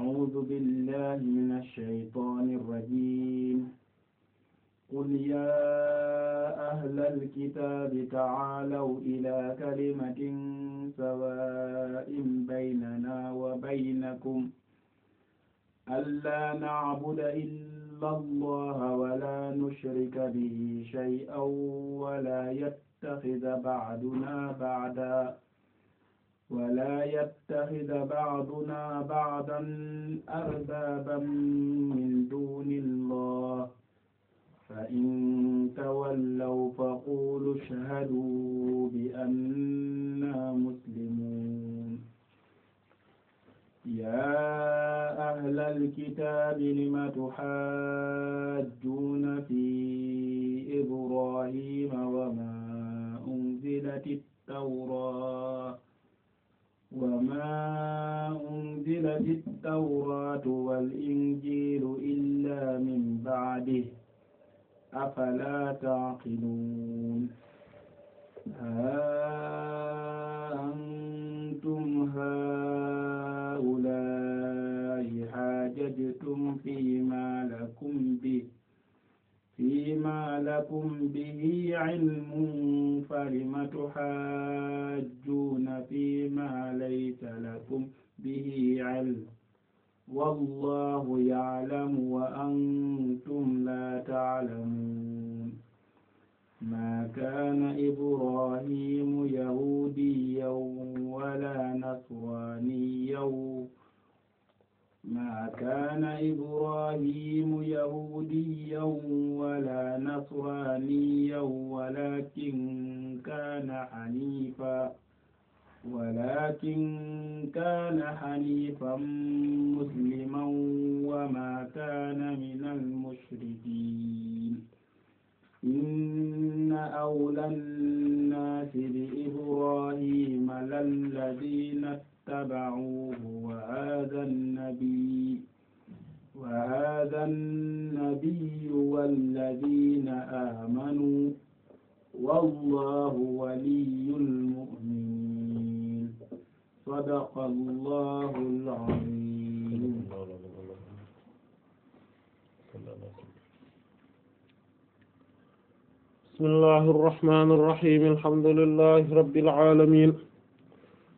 أعوذ بالله من الشيطان الرجيم قل يا أهل الكتاب تعالوا إلى كلمة سواء بيننا وبينكم ألا نعبد إلا الله ولا نشرك به شيئا ولا يتخذ بعدنا بعدا ولا يتخذ بعضنا بعضا أربابا من دون الله فإن تولوا فقولوا اشهدوا بأننا مسلمون يا أهل الكتاب لم تحاجون في إبراهيم وما أنزلت التوراة وما أنزلت التوراة والإنجيل إلا من بعده أفلا تعقلون ها أنتم هؤلاء حاججتم فيما لكم به فيما لكم به علم فلم تحاجون فيما ليس لكم به علم والله يعلم وأنتم لا تعلمون ما كان إبراهيم يهوديا ولا نصرانيا ما كان إبراهيم يهوديا ولا نصرانيا ولكن كان حنيفا ولكن كان حنيفا مسلما وما كان من المشركين إن أولى الناس بإبراهيم للذين اتبعوه وهذا النبي وهذا النبي والذين آمنوا والله ولي المؤمنين صدق الله العظيم بسم الله الرحمن الرحيم الحمد لله رب العالمين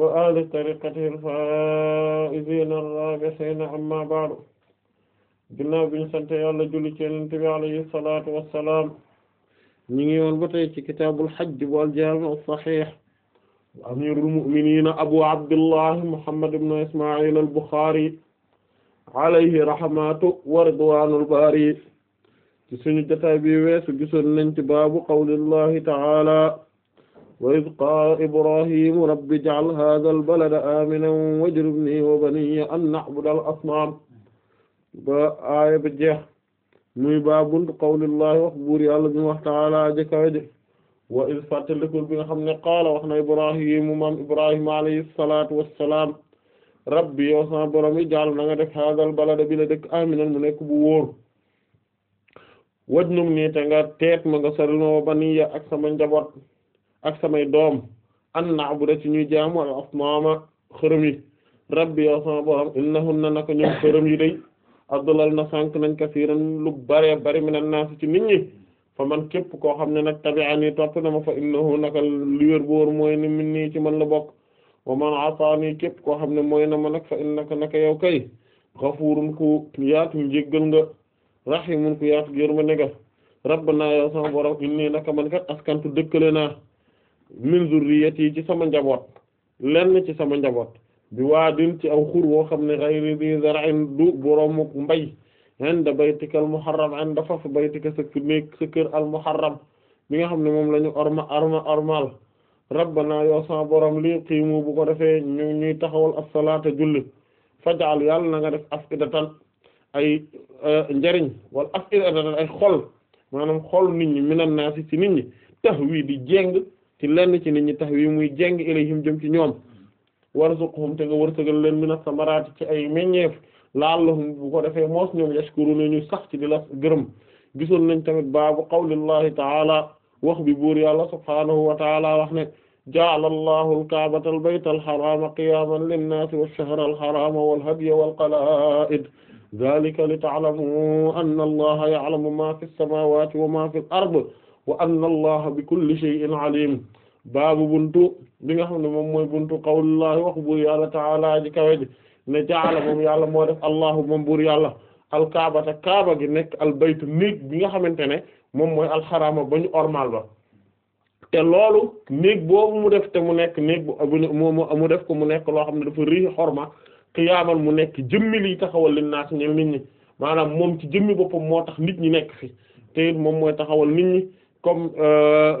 wa ahli tariqatihi al-faa'iziina ar-raabihiina amma ba'du ginnaaw bi ñu sant yàlla julli ci Yonent bi alayhi salaatu wa salaam ñu ngi woon ba tey ci kitaabul hajj bu al-jaami' as-sahiih amiirul mu'miniina abu abdillahi muhammad ibn isma'il al-Bukhaari alayhi rahmatu wa ridwaanul baari ci suñu jotaay bi weesu gisoon nañ ci baabu qawlillahi ta'aala wa iz qaala ibraahiimu rabbi ij'al haazal balada aaminan wajnubnii wa baniyya an na'budal asnaam ba aaya ba jeex muy baa buntu qawlillaahi wax buur yàlla bi wax ta'aala jëkkaaje wa iz fàttalikul bi nga xam ne qaala wax na ibrahimu maam ibrahima alayhi salaatu wassalaam rabbi yow sama borom ij'al na def haazal balada bi la dëkk aaminan mu nekk bu wóor wajnubnii te nga teet ma nga soril ma wa baniyya ak sama njaboot ak samay doom an na'buda ci ñuy jaamu al asnaama xërëm yi rabbi yow sama borom innahunna naka ñoom xërëm yi day adlal na sànq nañ kasiiran lu bare bari minan naas ci nit ñi fa man képp koo xam ne nag tabi'ani topp na ma fa innahu naka li wér mooy ni min ci man la bokk wa man asaani képp koo xam ne mooy na ma nag fa innaka naka yow kay xafuurum ku yaatu njéggal nga rahimun ku yaatu yërmande nga rabbanaa yow sama inni naka man kat askantu naa min zurriyati ci sama njaboot lenn ci sama njaboot bi waadin ci aw xur woo xam ne ghayri bi zar'in du boroomu mbay inda baytika al muharram inda da baytika sa néeg sa kër al muharram mi nga xam ne moom la ñu orma orma ormal rabbana yow boroom li qiimu bu ko defee ñu ñuy taxawal as-salaata julli fajal yàlla na nga def afidatan ay euh, njariñ wala afidatan ay xool maanaam xool nit ñi minan naasi ci nit ñi tax wii di jéng ci lenn ci nit ñi tax wi muy jeng ilayhim jëm ci ñoom warzuqhum te nga wërsëgal leen mina samaraati ci ay meññeef laallahum bu ko defee moos ñoom yashkuruna ñu sax ci di la gërëm gisoon nañ tamit baabu qawlillahi taala wax bi buur yàlla subhaanahu wa taala wax ne ja'ala allahu alkaabata albayta alxarama qiyaman linnaasi walshahra alxarama walhadiya walqalaa'id dhalika li ta'lamu anna allaha ya'lamu ma fi as-samawati wa ma fi al-ard wa anna allaha bi kulli shay'in alim baabu buntu bi nga xam ne moom mooy buntu qawlullahi wax buur yàlla ta'ala ji kawe ji ne jaala moom yàlla moo def allahu moom buur yàlla alkaabata kaaba gi nekk albaytu néeg bi nga xamante ne moom mooy alxarama ba ñu ormal ba te loolu néeg boobu mu def te mu nekk néeg bu mu def ko mu nekk loo xam ne dafa rii xorma xiyaaman mu nekk jëmmi liy taxawal li naas ñel nit ñi maanaam moom ci jëmmi boppam moo tax nit ñi nekk fi moom mooy taxawal nit comme euh,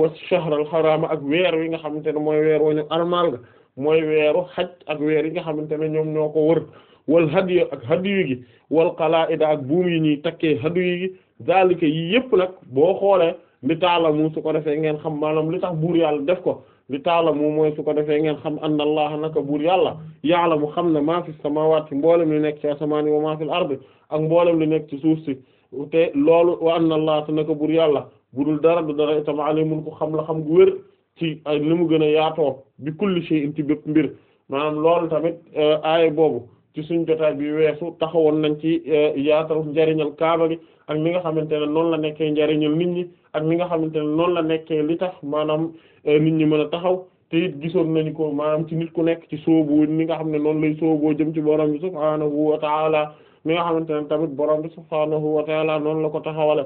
wa shahrul haram ak weer wi nga xamante ne mooy weer wañu armal ga mooy weeru xaj ak weer yi nga xamante ne ñoom ñoo ko wër wal hadiy ak hadiyu gi wal qala'ida ak buum yi ñuy takkee hadiyu gi zalika yi yëpp nag boo xoolee li taalamu su ko defee ngeen xam maanaam li tax buur yàlla def ko li taalamu mooy su ko defee ngeen xam anna allah naka buur yàlla ya'lamu xam ne maa fi samaawaati mboolem li nekk ci asamaan yi wa maa fil ardi ak mboolem li nekk ci suuf si loolu wa anna allah naka buur yàlla budul dara du dara itam alimun ko xam la xam gu wér ci li mu gën a yaatoo bi kulli shay'in ci bépp mbir maanaam loolu tamit euh, aaya boobu ci suñ jotaay bi weesu taxawoon nañ ci euh, yaatal njariñal kaaba gi ak mi nga xamante ne noonu la nekkee njariñal nit ñi ak ni nga xamante ne noonu la nekkee li tax maanaam euh, nit ñi mën a taxaw te it gisoon nañu ko maanaam ci nit ku nekk ci sóobu ni nga xam ne noonu lay sóoboo jëm ci borom bi subhaanahu wa taala mi nga xamante ne tamit borom bi subhaanahu wa taala noonu la ko taxawale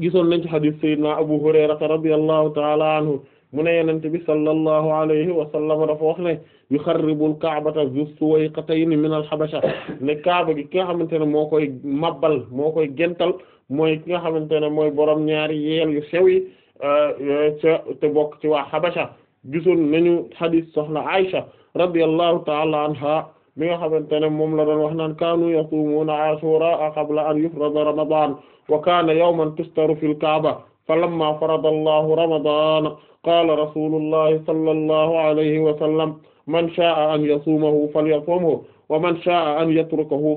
gisoon nañ ci hadith sayyidina Abu Hurayrata radiyallahu ta'ala anhu mu ne yonent bi sallallahu alayhi wa sallam dafa wax ne yuxarribul kaabata zu suwayqatayni min al habasha ne kaaba gi ki nga xamante ne moo koy mabbal moo koy gental mooy ki nga xamante ne mooy borom ñaari yeel yu euh, te bokk ci waa habasha gisoon nañu hadith soxna Aisha radiyallahu ta'ala anha mi nga xamante ne moom la doon wax naan kaanu yasumuuna ashura qabla an yufrada ramadan wa kaana yawman tustaru fil kaaba falamma farada allahu ramadana qaala rasulullahi sallallahu alayhi wa sallam man sha'a an yasumahu falyasumhu wa man sha'a an yatrukahu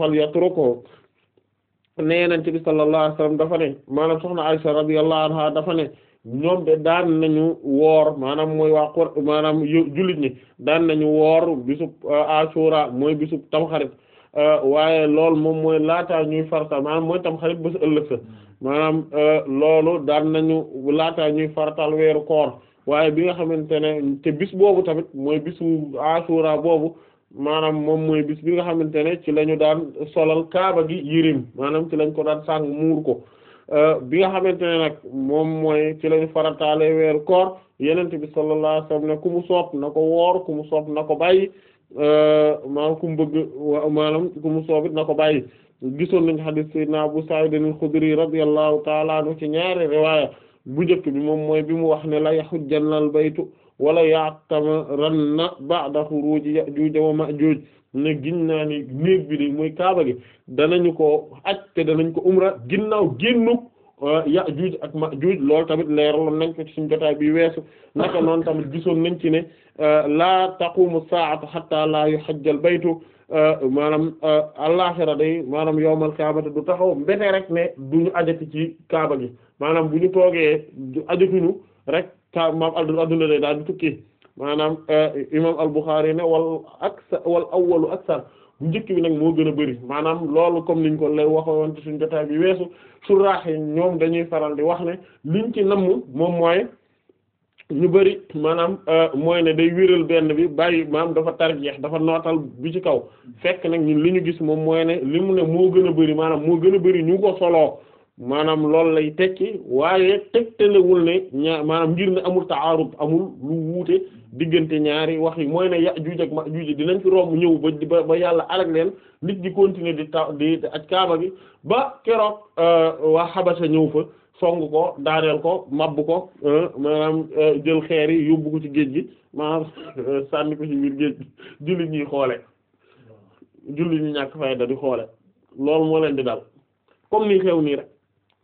falyatrukahu nee nañ ci bi sallallahu alayhi wa sallam dafa ne maanaam soxna Aysa radiyallahu anha dafa ne ñoom de daan nañu woor maanaam mooy waa xor maanaam jullit ñi daan nañu woor bisub euh, asura mooy bisub tamxarit euh, waaye loolu moom mooy laataa ñuy farta mooy tamxarit bés ëllëg sa maanaam euh, loolu daan nañu laataa ñuy fartal weeru koor waaye bi nga xamante ne te bis boobu tamit mooy bisu asura boobu maanaam moom mooy bis bi nga xamante ne ci lañu daan solal kaaba gi yirim maanaam ci lañ ko daan sàng muur ko Euh, bi nga xamante ne nag moom mooy ci lañu farataale weeru koor yenent bi sallallahu alayhi wasallam ne ku mu sopp na ko woor ku mu sopp na ko bàyyi euh, maanaam ku mu bëgg maanaam mu soobit na ko bàyyi gisoon nañ hadith sayyidina Abu Sa'id al-Khudri radiyallahu ta'ala anhu ci ñaari riwaaya bu njëkk bi moom mooy bi mu wax ne la yahujjanna al-baytu wala ya'tamiranna ba'da khuruji ya'juj wa ma'juj ne giñ naa ni néeg bi di muy kaaba gi ñu ko aj te danañ ko umra ginnaaw ya euh, Yaajuuj ak ma Maajuuj loolu tamit leeraloon nañ ko ci suñu jotaay bi weesu naka noonu tamit gisoon nañ ci ne euh, laa taqumu saa'atu hatta laa yuhajjal baytu euh, maanaam àllaaxira day maanaam yowmal kaabata du taxaw mbete rek ne duñu ajati ci kaaba gi maanaam bu ñu toogee ajatuñu rek ka maam adduna day daal di tukki maanaam euh, imam al-Bukhari ne wal aksa wal awwalu aksar bu njëkk bi nag moo gën a bëri maanaam loolu comme niñ ko lay waxoon ci suñu jotaay bi weesu suraax yi ñoom dañuy faral di wax ne liñ ci namm moom mooy ñu bëri maanaam euh, mooy ne day wéral benn bi bàyyi maam dafa tarjeex dafa nootal bi ci kaw fekk nag ñun li ñu gis moom mooy ne li mu ne moo gën a bëri maanaam moo gën a bëri ñu ko solo maanaam loolu lay tekki waaye tegtalewul ne ñaar maanaam ngir ne amul taarud amul lu wuute diggante ñaari wax yi mooy ne Yaajuuj ak Maajuuj dinañ fi romb ñëw ba ba yàlla alak leen nit di continuer di ta di aj kaaba ba keroog euh, waa Xabasa ñëw fa song ko daaneel ko mabb ko euh, maanaam euh, jël xeer yi ci géej gi sànni ko ci xoole jullit ñu ñàkk fayda di xoole loolu moo leen di dal comme ni xew nii rek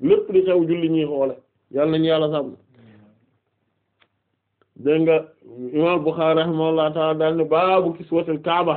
lépp li xew julli ñuy xoole yàlla nañu yàlla sàmm dégg nga imam Bukhari rahimahullah ta'ala daal ne baabu kiswatul kaaba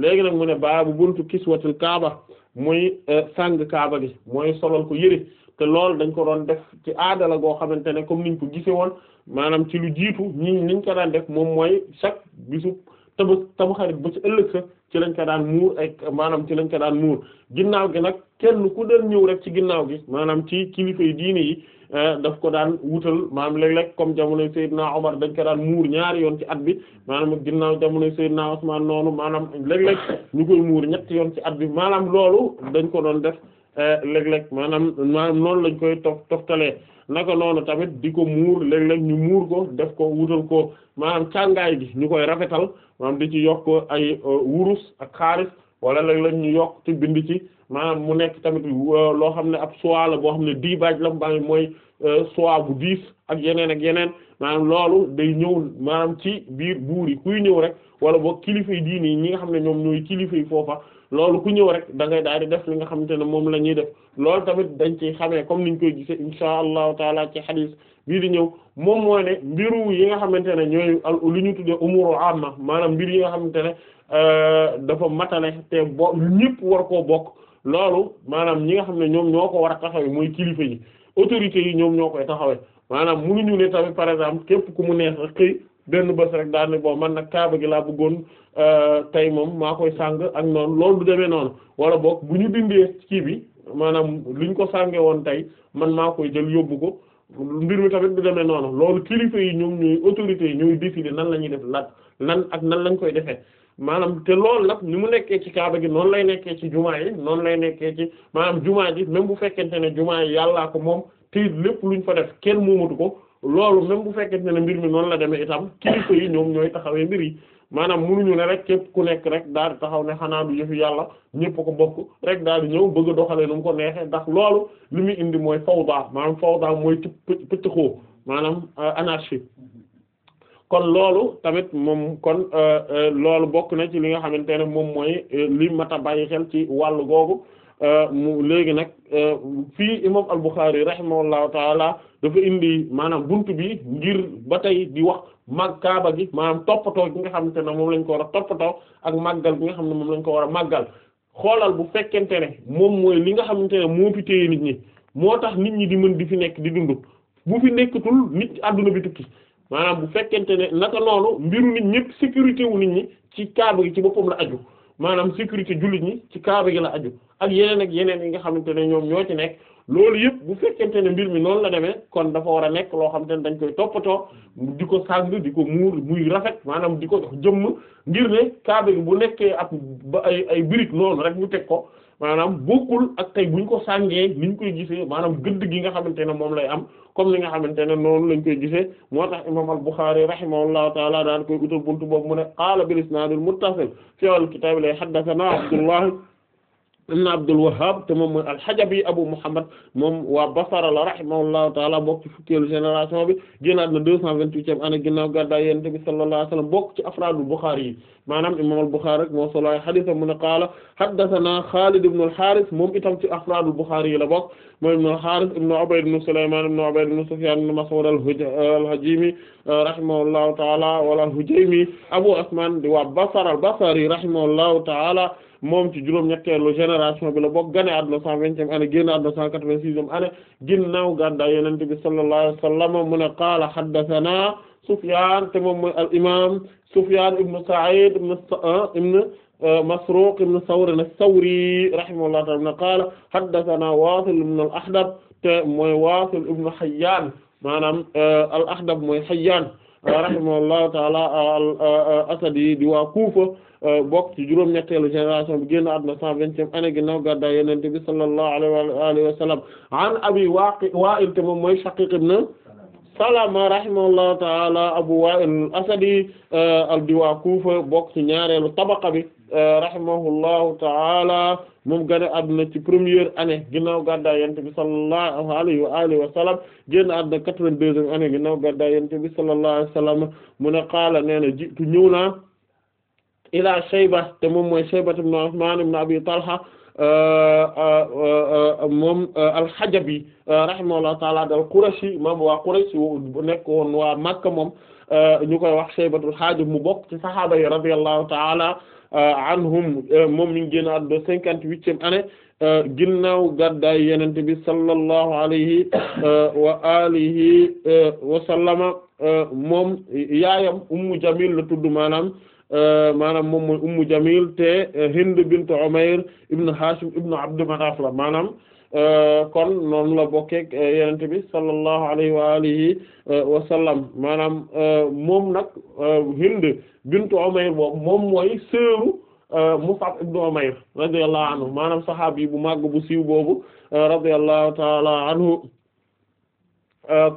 léegi nag mu ne baabu buntu kiswatul kaaba mooy euh, sang kaaba gi mooy solal ko yëre te loolu dañ ko doon def ci aada goo xamante ne comme niñ ko gise woon maanaam ci lu jiitu ñi niñ ko daan def moom mooy chaque bisu tabu tabu xarit ba ci ëllëg sa ci lañ ko daan muur ay maanaam ci lañ ko daan muur ginnaaw gi nag kenn ku daan ñëw rek ci ginnaaw gi maanaam ci kilifa yi diine yi eh, daf ko daan wutal maanaam léeg-léeg comme jamono Seydina Omar dañ ko daan muur ñaari yoon ci at bi maanaam ginnaaw jamonoy Seydina Ousmane noonu maanaam léeg-léeg ñu koy muur ñetti yoon ci at bi maanaam loolu dañ ko doon def eh, léeg-léeg maanaam maanaam noonu lañ koy tof toftalee naka noonu tamit di ko muur lañ léeg ñu muur ko def ko wutal ko maanaam càngaay gi ñu koy rafetal maanaam di ci yokk ay euh, wurus ak xaalis wala léeg-léeg ñu yokk ci bind ci maanaam mu nekk tamit euh, loo xam ne ab soie la boo xam ne diibaaj la ba mooy euh, soie bu diis ak yeneen ak yeneen maanaam loolu day ñëw maam ci biir buur yi kuy ñëw rek wala boog kilifa yi diini ñi nga xam ne ñoom ñooy kilifa yi foofa loolu ku ñëw rek da ngay daal di def li nga xamante ne moom la ñuy def loolu tamit dañ ciy xamee comme niñ koy gisee insha allahu taala ci xadiis bii di ñëw moom moo ne mbiru yi nga xamante ne ñooy lu ñu tuddee umuru amma maanaam mbir yi nga xamante ne euh, dafa matale te bo ñëpp war koo bokk loolu maanaam ñi nga xam ne ñoom ñoo ko war a taxawee mooy kilifa ñi autorités yi ñoom ñoo koy taxawee maanaam mënuñu ne tamit par exemple képp ku mu neex rek xëy benn bés rek daal ne bon man nag kaaba gi laa bëggoon euh, tey moom maa koy sàng ak noonu loolu du demee noonu wala boog bu ñu dindee kii bi maanaam li ñu ko sànge woon tey man maa koy jël yóbbu ko mbir mi tamit du demee noonu loolu kilifa yi ñoom ñuy autorité yi ñooy décider nan la ñuy def lan nan ak nan lañ koy defee maanaam te loolu nag ni mu nekkee ci kaaba gi noonu lay nekkee ci jumaa yi noonu lay nekkee ci maanaam jumaa ji même bu fekkente ne jumaa yi yàllaa ko moom te lépp luñ fa def kenn moomatu ko loolu même bu fekkee fekkente ne mbir mi noonu la demee itam kilifa yi ñoom ñooy taxawee mbir yi maanaam munuñu ne rek képp ku nekk rek daal di taxaw ne xanaa du yëfu yàlla ñëpp ko bokk rek daal di ñëw bëgg a doxalee nu mu ko neexee ndax loolu li muy indi mooy fawda maanaam fawda mooy ci pëccëxoo maanaam euh, anarchie kon loolu tamit moom kon euh, euh, loolu bokk na ci li nga xamante ne moom mooy li mat a bàyyi xel ci wàll googu. Euh, mu léegi nag euh, fii imam al-Bukhari rahimahullahu taala dafa indi maanaam bunt bi ngir ba tey di wax mag kaaba gi maanaam toppatoo gi nga xamante ne moom lañ ko war a toppatoo ak màggal gi nga xam ne moom lañ ko war a màggal xoolal bu fekkente ne moom mooy li nga xamante ne moo fi téye nit ñi moo tax nit ñi di mën di fi nekk di dund bu fi nekkatul nit àdduna bi tukki maanaam bu fekkente ne naka noonu mbiru nit ñëpp sécurité wu nit ñi ci kaaba gi ci boppam la aju maanaam sécurité jullit ñi ci kaaba gi la aju ak yeneen ak yeneen yi nga xamante ne ñoom ñoo ci nekk loolu yëpp bu fekkente ne mbir mi noonu la demee kon dafa war a nekk loo xamante ne dañ koy toppatoo di ko sàng di ko muur muy rafet maanaam di ko jëmm ngir ne kaaba gi bu nekkee ak ba ay ay brique noonu rek ñu teg ko maanaam bokkul ak tey buñ ko sàngee niñ koy gisee maanaam gëdd gi nga xamante ne moom lay am comme li nga xamante ne noonu lañ koy gisee moo tax imam al-Bukhari rahimahullahu taala daan koy utal buntu boobu mu ne qaala bil isnaadil muttasil fi al kitaab li haddathana Abdullah ibn Abdul Wahhab te moom mooy al-Hajabi Abu Muhammad moom waa Basra la rahimahullahu taala bokk ci fukkeelu génération bi génnaat na deux cent vingt-huitième année ginnaaw gàddaay Yonent bi sallallahu alayhi wa sallam bokk ci afraadul Bukhari yi maanaam imam al-Bukhari rek moo solo ay hadith mu ne qaala haddathana Khalid ibn al-Harith moom itam ci afraadul Bukhari yi la bokk mooy ibn al-Harith ibn Ubayd ibn Sulayman ibn Ubayd ibn Sufyan ibn Mas'ud al-Hajimi rahimahullahu taala wala al-Hujaymi Abu Usman di waa Basra al-Basri rahimahullahu taala moom ci juróom-ñetteelu génération bi la bokk gane àdduna cent vingtième année génn àdduna cent quatre-vingt-sixième année ginnaaw gàddaay Yonent bi sallallahu alayhi wa sallam mu ne qaala haddathana Sufyaan te moom mooy al imaam Sufyaan ibn Sa'iid ibn ah, ibn ah, Masruuq ibn Sawr as-Sawri rahimahullahu ta'aala mu ne qaala haddathana Waasil ibn al-Ahdab te mooy Waasil ibn Hayyaan ah, al-Ahdab mooy Hayyaan rahimahullahu ta'aala al-Asadi di waa Euh, bokk ci juróom-ñetteelu génération bi génn àdduna cent vingtième année ginnaaw gàddaay Yonent bi sallallahu alayhi wa alihi wa sallam an Abi moom mooy Shaqiq ibn Salama rahimahullahu ta'ala Abu Wa'il al-Asadi euh, di waa Kufa bokk ci ñaareelu tabaqa bi euh, rahimahullahu ta'ala moom gane àdduna ci premier année ginnaaw gàddaay Yonent bi sallallahu alayhi wa alihi wa sallam génn àdduna quatre-vingt-deuxième année ginnaaw gàddaay Yonent bi sallallahu alayhi wa sallam mu qaala nee na jiitu ila Shayba te moom mooy Shayba ibn Uthman ibn Abi Talha euh, euh, euh, moom al-Hajabi rahimahullahu ta'ala al-Qurashi moom waa Quraysh nekk woon waa Makka moom ñu koy wax Shaybatul Hajib mu bokk ci sahaaba yi radiyallahu ta'ala anhum moom mi ngi génn àdduna cinquante-huitième année ginnaaw gàddaay Yonent bi sallallahu alayhi wa alihi wa sallama moom yaayam Ummu Jamil la tudd maanaam Euh, maanaam moom mooy ummu jamil te euh, hind bint umayr ibn hashim ibn abd manaf la maanaam euh, kon noonu la bokkeeg yenente bi sallallahu alayhi wa alihi wa sallam maanaam moom nag hind bint umayr boobu moom mooy seeru Mus'ab ibn Umayr radiyallahu anhu bu màgg bu siiw boobu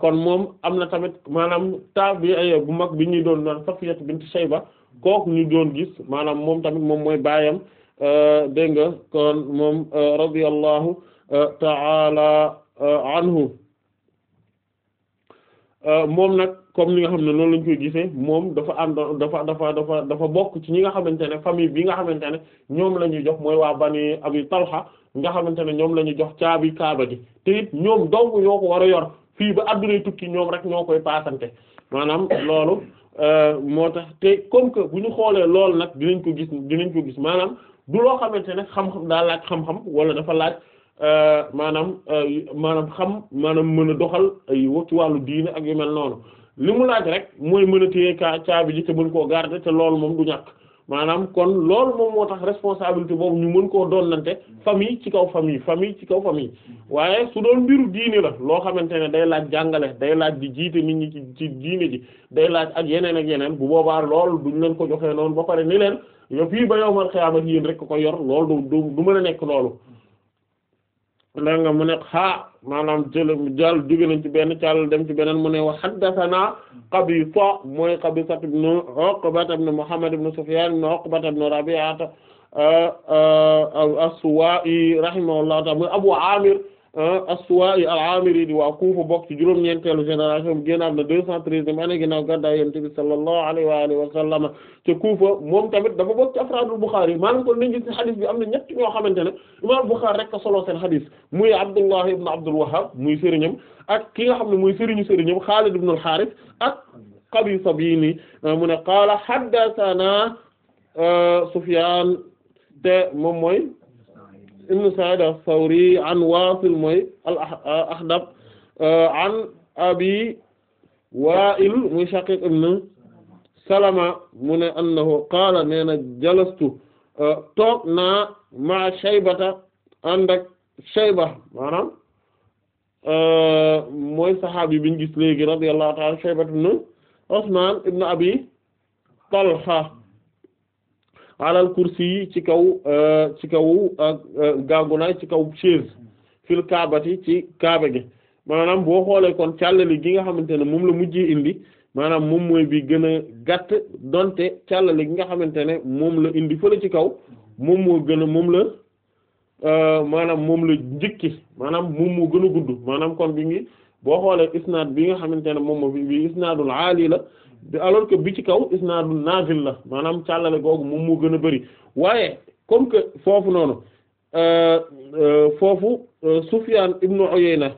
kon moom am na tamit maanaam taabi'i bu mag bi ñuy doon naan Safiyat bint Shayba kook ñu doon gis maanaam moom tamit moom mooy baayam euh, dégg nga kon moom euh, radiyallahu euh, ta'ala anhu moom nag comme li nga xam ne loolu lañ koy gisee moom dafa ànd dafa dafa dafa dafa bokk ci ñi nga xamante ne famille bi nga xamante ne ñoom la ñuy jox mooy waa bani abi talha nga xamante ne ñoom la ñuy jox caabi kaaba gi te it ñoom dong ñoo ko war a yor fii ba addunay tukki ñoom rek ñoo koy paasante maanaam loolu Euh, moo tax te comme que bu ñu xoolee lool nag dinañ ko gis dinañ ko gis maanaam du loo xamante ne xam-xam daa laaj xam-xam wala dafa laaj euh, maanaam euh, maanaam xam maanaam mën a doxal ay ci wàllu diine ak yu mel noonu li mu laaj rek mooy mën a téye kaa caabi ji te mën koo garder te loolu moom du ñàkk maanaam kon loolu moom moo tax responsabilité boobu ñu mën koo doonante famille ci kaw famille famille ci kaw famille waaye su doon mbiru diine la loo xamante ne day laaj jàngale day laaj bi jiite nit ñi ci ci diine ji day laaj ak yeneen ak yeneen bu lool loolu duñ leen ko joxee noonu ba pare ni leen yo fii ba yow man xiyaamat yéen rek ko yor lool du du mën a nekk loolu da nga mu ne xaa maanaam jël jàll jóge nañ ci benn càll dem ci beneen mu ne wa haddathana Qabisa mooy Qabisa ibn Uqba ibn Muhammad ibn Sufyan ibn Uqba ibn Rabi'a euh, euh, as-Suwa'i rahimahullahu ta'ala mooy Abu Amir Euh, as-Suwaa'i al-Aamiri di waa Kuufa bokk ci juróom-ñeenteelu génération bi génn na deux cent treize dem année ginnaaw gàddaay Yonent bi sallallahu alayhi wa alihi wa sallam te Kuufa moom tamit dafa bokk ci afraadul Buxaari maanaam kon nañu gis ne xadis bi am na ñett ñoo xamante ne imaam Buxaari rek a solo seen xadis muy Abdullah ibn Abdul Wahhab muy sëriñam ak kii nga xam ne muy sëriñu sëriñam Xaalid ibn al-Haaris ak Qabisa bii nii euh, mu ne qaala haddasanaa euh, Sufyaan te moom mooy. ibn Sa'id as-Sawri an Wasil mooy al Ahdab ah, euh, an Abi Wa'il muy Shaqiq ibn Salama mu ne annahu qaala nee na jalastu euh, toog naa ma Shaybata ànd ak Shayba maanaam euh, mooy saxaabi biñ gis léegi radiyallahu ta'ala Shaybata ibn Usman ibn Abi Talha alal kursi yi ci kaw euh, ci kaw euh, gàngunaay ci kaw chaise fil kaabati ci kaaba gi maanaam boo xoolee kon càllale gi nga xamante ne moom la mujjee indi maanaam moom mooy bi gën a gàtt donte càllale gi nga xamante ne moom la indi fële ci kaw moom moo gën a moom la euh, maanaam moom la njëkki maanaam moom moo gën a gudd maanaam kon bi ngi boo xoolee isnaad bi nga xamante ne moom moo bi isnaadul aali la alors que bi ci kaw isnaadu naazil la maanaam càllale googu moom moo gën a bari waaye comme que foofu noonu euh, euh, foofu euh, Sufyaan ibnu Uyayna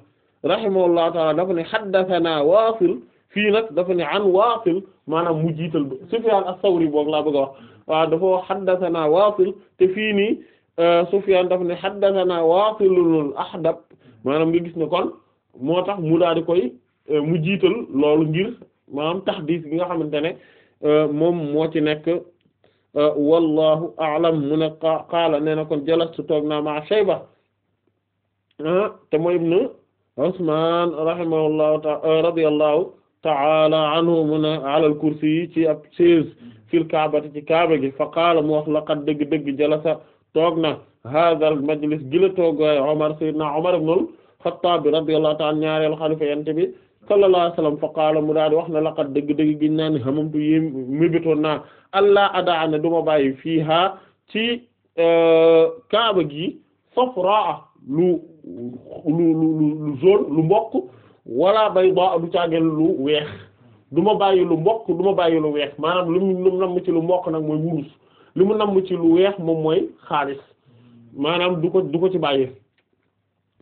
rahimahullahu taala dafa ne haddathana Waasil fii nag dafa ne an Waasil maanaam mu jiital ba Sufyaan as-Sawri boog laa bëgg a wax waaw dafa wax haddathana Waasil te fii nii Sufyaan dafa ne haddathana Waasilul Ahdab maanaam nga gis ne kon moo tax mu daal di koy mu jiital loolu ngir maanaam taxdiis bi nga xamante ne euh, moom moo ci nekk euh, wallahu a'lam mu ne qaala nee na kon jalastu toog naa ma Shayba ah, te mooy ibnu Usmaan rahimahullahu ta'ala euh, radiyallahu ta'ala anhu mu ne alal kursi yi ci ab chaise fil kaabati ci kaaba gi fa qaala mu wax laqad dëgg-dëgg jalasa toog na hadal majlis gila toog Umar sayyidna Umar ibnul Xattaab radiyallahu ta'ala ñaareelu xalifa yante bi sallallahu alayhi wa sallam mu daal di wax na laqad dëgg-dëgg giñ naa ni xamamtu yé mébétoon naa allah adaana du ma bàyyi fiiha ci euh, kaaba gi safraa lu lu lu lu lu mbokk wala bayda du caagel lu weex duma bàyyi lu mbokk du ma bàyyi lu weex maanaam lu mu ci lu mbokk nag mooy wurus li mu namm ci lu weex moom mooy xaalis maanaam du ko du ko ci bàyyi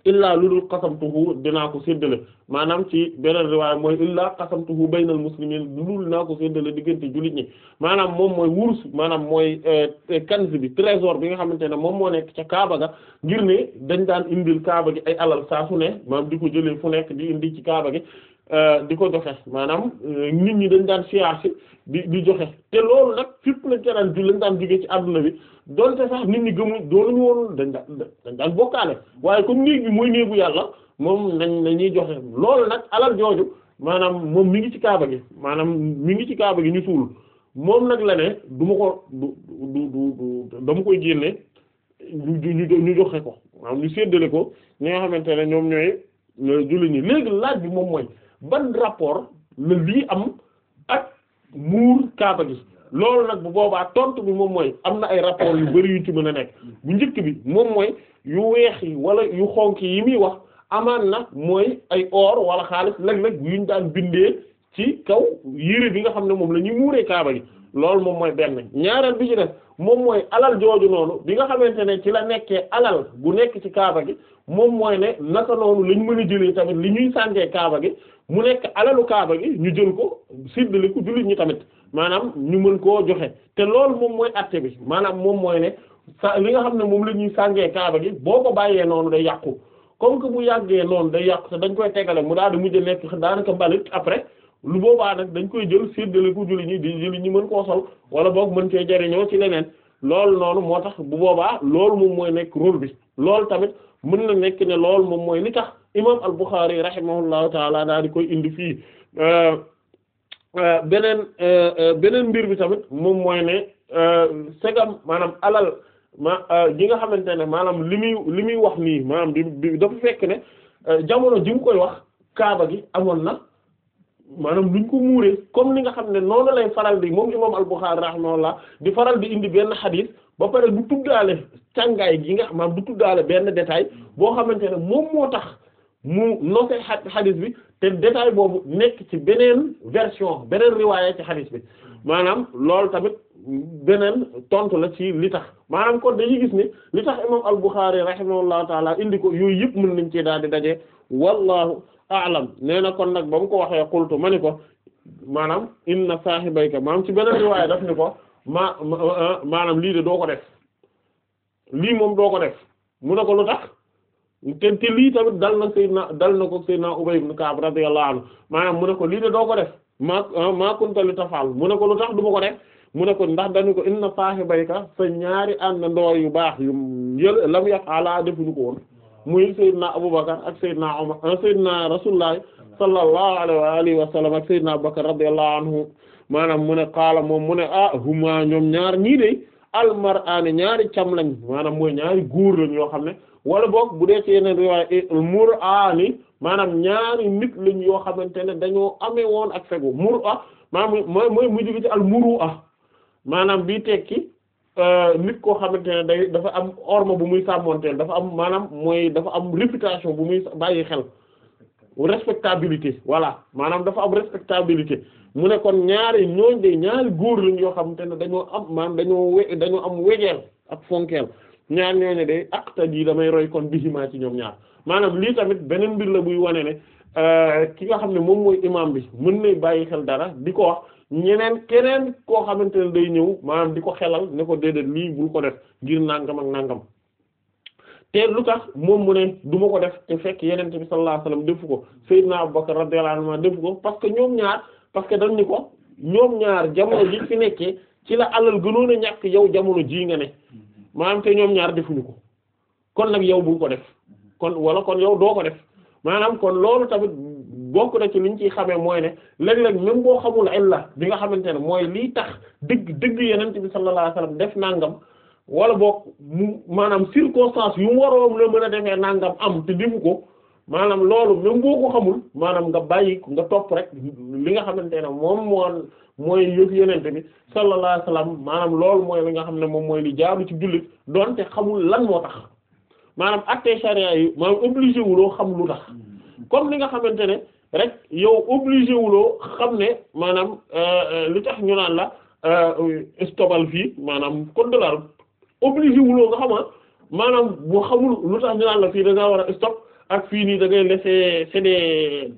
illaa ludul qasamtuhu dinaa ko séddale maanaam ci beneen riwaaya mooy illaa qasamtuhu baynal muslimin ludul dinaa ko séddale diggante jullit ñi maanaam moom mooy wurus maanaam mooy eh, eh, kanz bi trésor bi nga xamante ne moom moo nekk ca Kaaba ga ngir ne dañ daan indil Kaaba gi ay alal saa su ne maanaam di ko jëlee fu nekk di indi ci Kaaba gi Euh, di ko joxe maanaam euh, nit ñi dañ daan siyaasi di di joxe te loolu nag fépp lañ ca daan ju lañ daan jógee ci àdduna bi donte sax nit ñi gëmuñ doon ñu woon dañ daan dañ daan bokkaale waaye comme néeg bi mooy néegu yàlla moom nañ nañuy joxe loolu nag alal jooju maanaam moom mi ngi ci kaaba gi maanaam mi ngi ci kaaba gi ñu suul moom nag la ne du ma ko du du du dama koy génne ñu ñu joxe ko maanaam ñu séddale ko ñi nga xamante ne ñoom ñooy julli ñi léegi laaj bi moom mooy ban rapport la lii am ak muur kaaba gi loolu nag bu boobaa tontu bi moom mooy am na ay rapport yu bari yu ci mën a nekk bu njëkk bi moom mooy yu weex yi wala yu xonk yi muy wax amaan na mooy ay or wala xaalis nag nag yuñ daan bindee ci kaw yére bi nga xam ne moom la ñuy muuree kaaba gi loolu moom mooy benn ñaareel bi ci def moom mooy alal jooju noonu bi nga xamante ne ci la nekkee alal bu nekk ci kaaba gi moom mooy ne naka noonu lañ mën a jëlee tamit li ñuy sànkee kaaba gi mu nekk alalu kaaba gi ñu jël ko siddali ko jullit ñi tamit maanaam ñu mën koo joxe te loolu moom mooy atte bi maanaam moom mooy ne sa li nga xam ne moom la ñuy sànkee kaaba gi boo ko bàyyee noonu day yàqu comme que bu yàggee noonu day yàqu te dañ koy tegale mu daal di mujj nekk daanaka mbalit après lu boobaa nag dañ koy jël séddale ko jullit ñi di jullit ñi mën koo sol wala boog mën cee jariñoo ci leneen loolu noonu moo tax bu boobaa loolu moom mooy nekk ruur bi loolu tamit mën na nekk ne lool moom mooy li tax imam al-Bukhari rahimahullahu taala daal di koy indi fii euh, euh, beneen euh, beneen mbir bi tamit moom mooy ne segam maanaam alal ma gi nga xamante ne maanaam li muy li muy wax nii maanaam di dafa fekk ne jamono ji mu koy wax kaaba gi amoon na maanaam duñ ko muuree comme li nga xam ne noonu lay faral di moom imam al-Bukhari rahimahullah di faral di indi benn xadis ba pare du tuddaale càngaay gi nga maanaam du tuddaale benn détail boo xamante ne moom moo tax mu nose xadis bi te détail boobu nekk ci beneen version beneen riwaaya ci xadis bi maanaam loolu tamit beneen tontu la ci li tax maanaam kon dañuy gis ni li tax imam al-Bukhari rahimahullahu taala indi ko yooyu yëpp mën nañ ci daal di daje wallahu a'lam nee na kon nag ba mu ko waxee qultu ma ni ko maanaam inna saahibayka maanaam ci beneen riwaaya daf ni ko ma maanaam lii de doo ko def lii moom doo ko def mu ne ko lu tax te lii tamit dal na dal na ko Seydina Ubay ibn Ka'b mu ne ko lii doo ko def maa ah, maa kunta li tafaal mu ne ko lu tax du ma ko def mu ne ko ko inna saahibayka sa ñaari ànd ndoor yu baax yu yël lam yaf ala defuñu ko woon muy Seydina Aboubacar ak Seydina Omar euh, Seydina Rasulullah sallallahu alayhi wa alihi wa sallam ak Seydina Aboubacar radiyallahu anhu maanaam mu ne qaala moom mu ne ah, ñoom ñaar ñii de almar'aani ñaari cam lañ maanaam mooy ñaari góor lañ yoo xam ne wala boog bu dee ci yeneen riwaaya mur'aani maanaam ñaari nit lañ yoo xamante ne dañoo amee woon ak fegu mur'a maanaam mooy mooy al mur'a maanaam bi tekki. Euh, nit koo xamante ne day dafa am orme bu muy sàmmonteel dafa am maanaam mooy dafa am réputation bu muy bàyyi xel respectabilité voilà maanaam dafa am respectabilité mu ne kon ñaari ñooñ de ñaari góor lañ yoo xamante ne dañoo am maanaam dañoo we dañoo am wegeel ak fonkeel ñaar ñooñu de ak ah, taj damay roy kon bisimaa ci ñoom ñaar maanaam lii tamit beneen mbir la buy wane ne euh, ki nga xam ne moom mooy imam bi mën na bàyyi xel dara di ko wax ñeneen keneen koo xamante ne day ñëw maanaam di ko xelal ne ko déedéet lii bul ko def ngir nangam ak nangam te lu tax moom mu ne du ma ko def te fekk yenente bi sallallahu alayhi wasallam defu ko naa Seydina Abubakar radiyallahu maa defu ko parce que ñoom ñaar parce que dañ ni ko ñoom ñaar jamono ji fi nekkee ci la alal gënoon a ñàkk yow jamono jii nga ne maanaam te ñoom ñaar defuñu ko kon nag yow bul ko def kon wala kon yow doo ko def maanaam kon loolu tamit bokk na ci li ñu ci xamee mooy ne léeg-léeg même boo xamul illa bi nga xamante ne mooy liy tax dëgg dëgg yenent bi sallallahu alayhi wasallam def nangam wala boog mu maanaam circonstance yu mu waroon la mën a defee nangam am te dimu ko maanaam loolu même boo maanaam nga bàyyi nga topp rek li nga xamante ne moom moo mooy yëf yenente bi sallallahu alayhi wasallam maanaam loolu mooy li nga xam ne moom mooy li jaaru ci jullit doonte xamul lan moo tax maanaam acte charia yi maanaam obligé wu loo xam lu tax hmm. comme li nga xamante ne rek yow obligé wuloo xam ne maanaam euh, euh, lu tax ñu naan la euh, stopal fii maanaam code de la route obligé wuloo nga a maanaam boo xamul lu tax ñu naan la fii da ngaa war a stop ak fii nii da ngay laisser céder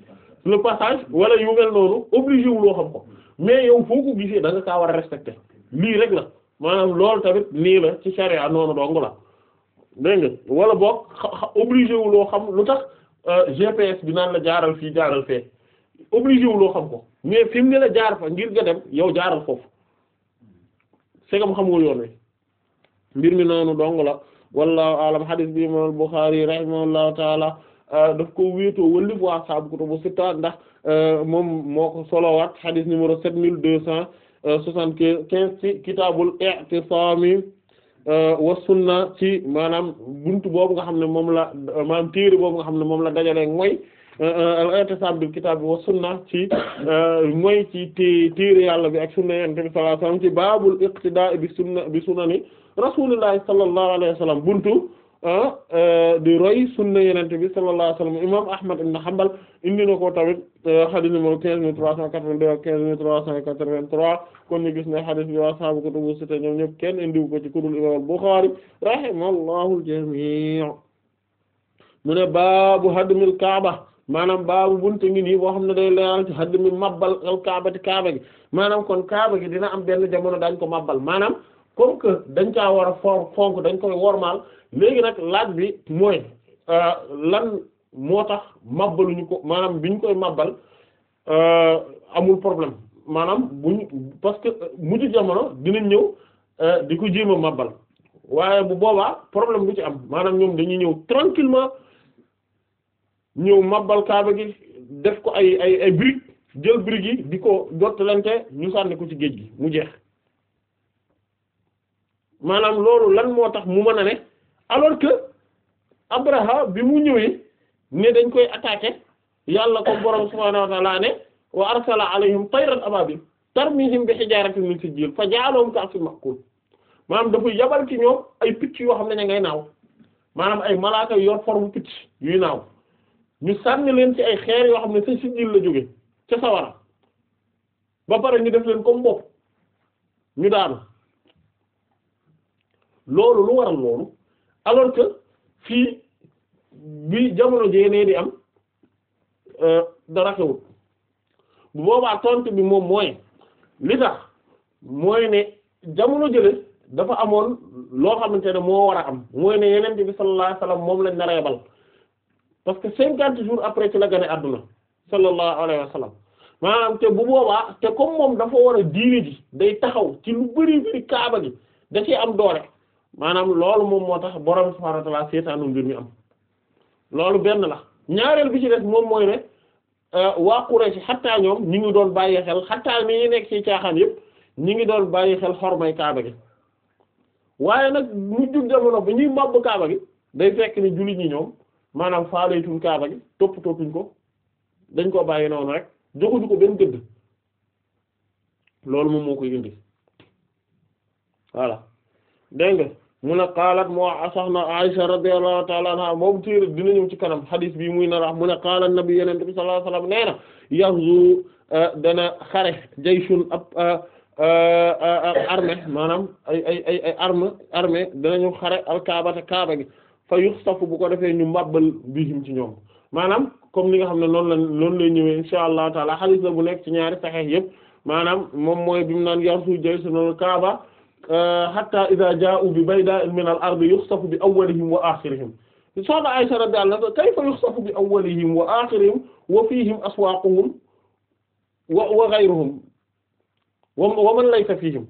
le passage wala yu mel noonu obligé wuloo xam ko mais yow foo ko gisee da nga kaa war a respecter lii rek la maanaam loolu tamit lii la ci charia noonu dong la dégg nga wala boog obligé wuloo xam lu tax Euh, GPS bi naan la jaaral fi jaaral fee obligé wu loo xam ko mais fi ne la jaar fa ngir nga dem yow jaaral foofu segam xam nga yoon wi mbir mi noonu dong la wallahu alam hadis bi imam Bukhari rahimahullahu taala euh, daf ko wéetoo wëlif waa saabu kutubu sitta ndax euh, moom moo ko solowaat hadis numéro sept mille deux cent soixante-quinze ci kitaabul i'tisaam Euh, wa sunna ci maanaam buntu boobu nga xam ne moom la maanaam téere boobu nga xam ne moom la dajalee mooy euh, euh, al-i'tisam bil kitab wa sunna ci mooy ci té téere yàlla bi ak sunna yonent bi sallallahu alayhi wasallam ci baabul iqtidaa bi sunna bi sunani rasulillahi sallallahu alayhi buntu Ah, eh, di roy sunna yenente bi sallallahu alayhi wa sallam imam ahmad ibn hanbal indi na ko tamit eh, hadith numéro quinze mille trois cent quatre-vingt-deux ak quinze mille trois cent quatre-vingt-trois kon ñu gis ne hadith bi waa sahaabu kutubu sitta ñoom ñëpp kenn indiwu ko ci kudul imam al-Bukhari rahimallahu al-jami' mu ne baabu hadmil kaaba maanaam baabu bunte ngi nii boo xam ne day leeral ci hadd mi mabbal al kaabati kaaba gi maanaam kon kaaba gi dina am benn jamono dañ ko mabbal maanaam comme que dañ caa war a fonk dañ koy wormaal léegi nag laaj bi mooy euh, lan moo tax mabbaluñu ko maanaam biñ koy mabbal euh, amul problème maanaam buñ parce que euh, mujj jamono dinañ ñëw di ko jéem a mabbal waaye bu boobaa problème bu ci am maanaam ñoom dañuy ñëw tranquillement ñëw mabbal kaaba gi def ko ay ay ay briques jël briques yi di ko jotlante ñu sànni ko ci géej gi mu jeex maanaam loolu lan moo tax mu mën a ne alors que Abraha bi mu ñëwee ne dañ koy attaquer yàlla ko borom subhaanahu wa ta'aala ne wa arsala alayhim tayran ababil tarmihim bi hijaratin min sijil fa ja'alahum ka'sin ma'kul maanaam dafa yabal ki ñoom ay picc yoo xam ne ña ngay naaw maanaam ay malaaka yor forme picc yuy naaw ñu sànni leen ci ay xeer yoo xam ne sa sijil la jóge ca sawara ba pare ñu def leen comme bopp ñu daan loolu lu waral loolu alors que fii bi jamono jee nee di am euh, dara xewul bu boobaa tontu bi moom mooy li tax mooy ne jamono jële dafa amoon loo xamante ne moo war a am mooy ne yeneen bi sallallahu alayhi moom lañ nar yebal parce que cinquante jour après ci la gane àdduna sallallahu alayhi wasallam maanaam te bu boobaa te comme moom dafa war a diine ji day taxaw ci lu bari bari kaaba gi da ci am doole maanaam loolu moom moo tax borom subhaanahu wa seetaanu mbir mi am loolu benn la ñaareel bi ci des moom mooy ne euh, waa Quraysh xattaa ñoom ñi ngi doon bàyyi xel xattaa ni nekk ci caaxaan yëpp ñi ngi doon bàyyi xel xormay kaaba gi waaye nag mu jug jamono ba ñuy màbb kaaba gi day fekk ni jullit ñi ñoom maanaam faaleetuñ kaaba gi topp toppuñ ko dañ ko bàyyi noonu rek joxuñu ko benn gëdd loolu moom moo koy indi voilà dégg nga mu ne qaalat moo à Aisha radiyallahu ta'ala anha moom téer dina ñëw ci kanam hadith bii muy nar a wax a ne qaala nabi yonent bi sallallahu alayhi wasallam nee na yaxzu euh, dana xare jayshun ab euh, euh, maanaam ay ay ay ay arme armée danañu xare alkaabata kaaba gi fa yuxsafu bu ko defee ñu màbbal bihim ci ñoom maanaam comme ni nga xam ne noonu la noonu lay ñëwee insha allahu taala hadith la bu nekk ci ñaari saxeex yëpp maanaam moom mooy bi mu naan yaxzu jayshun kaaba hatta idha ja'u bi bayda'in min al-ard yukhsafu bi awwalihim wa akhirihim soxna Aysa radiyallahu anha kayfa yukhsafu bi awwalihim wa akhirihim wa fihim aswaquhum wa wa ghayruhum wa man laysa fihim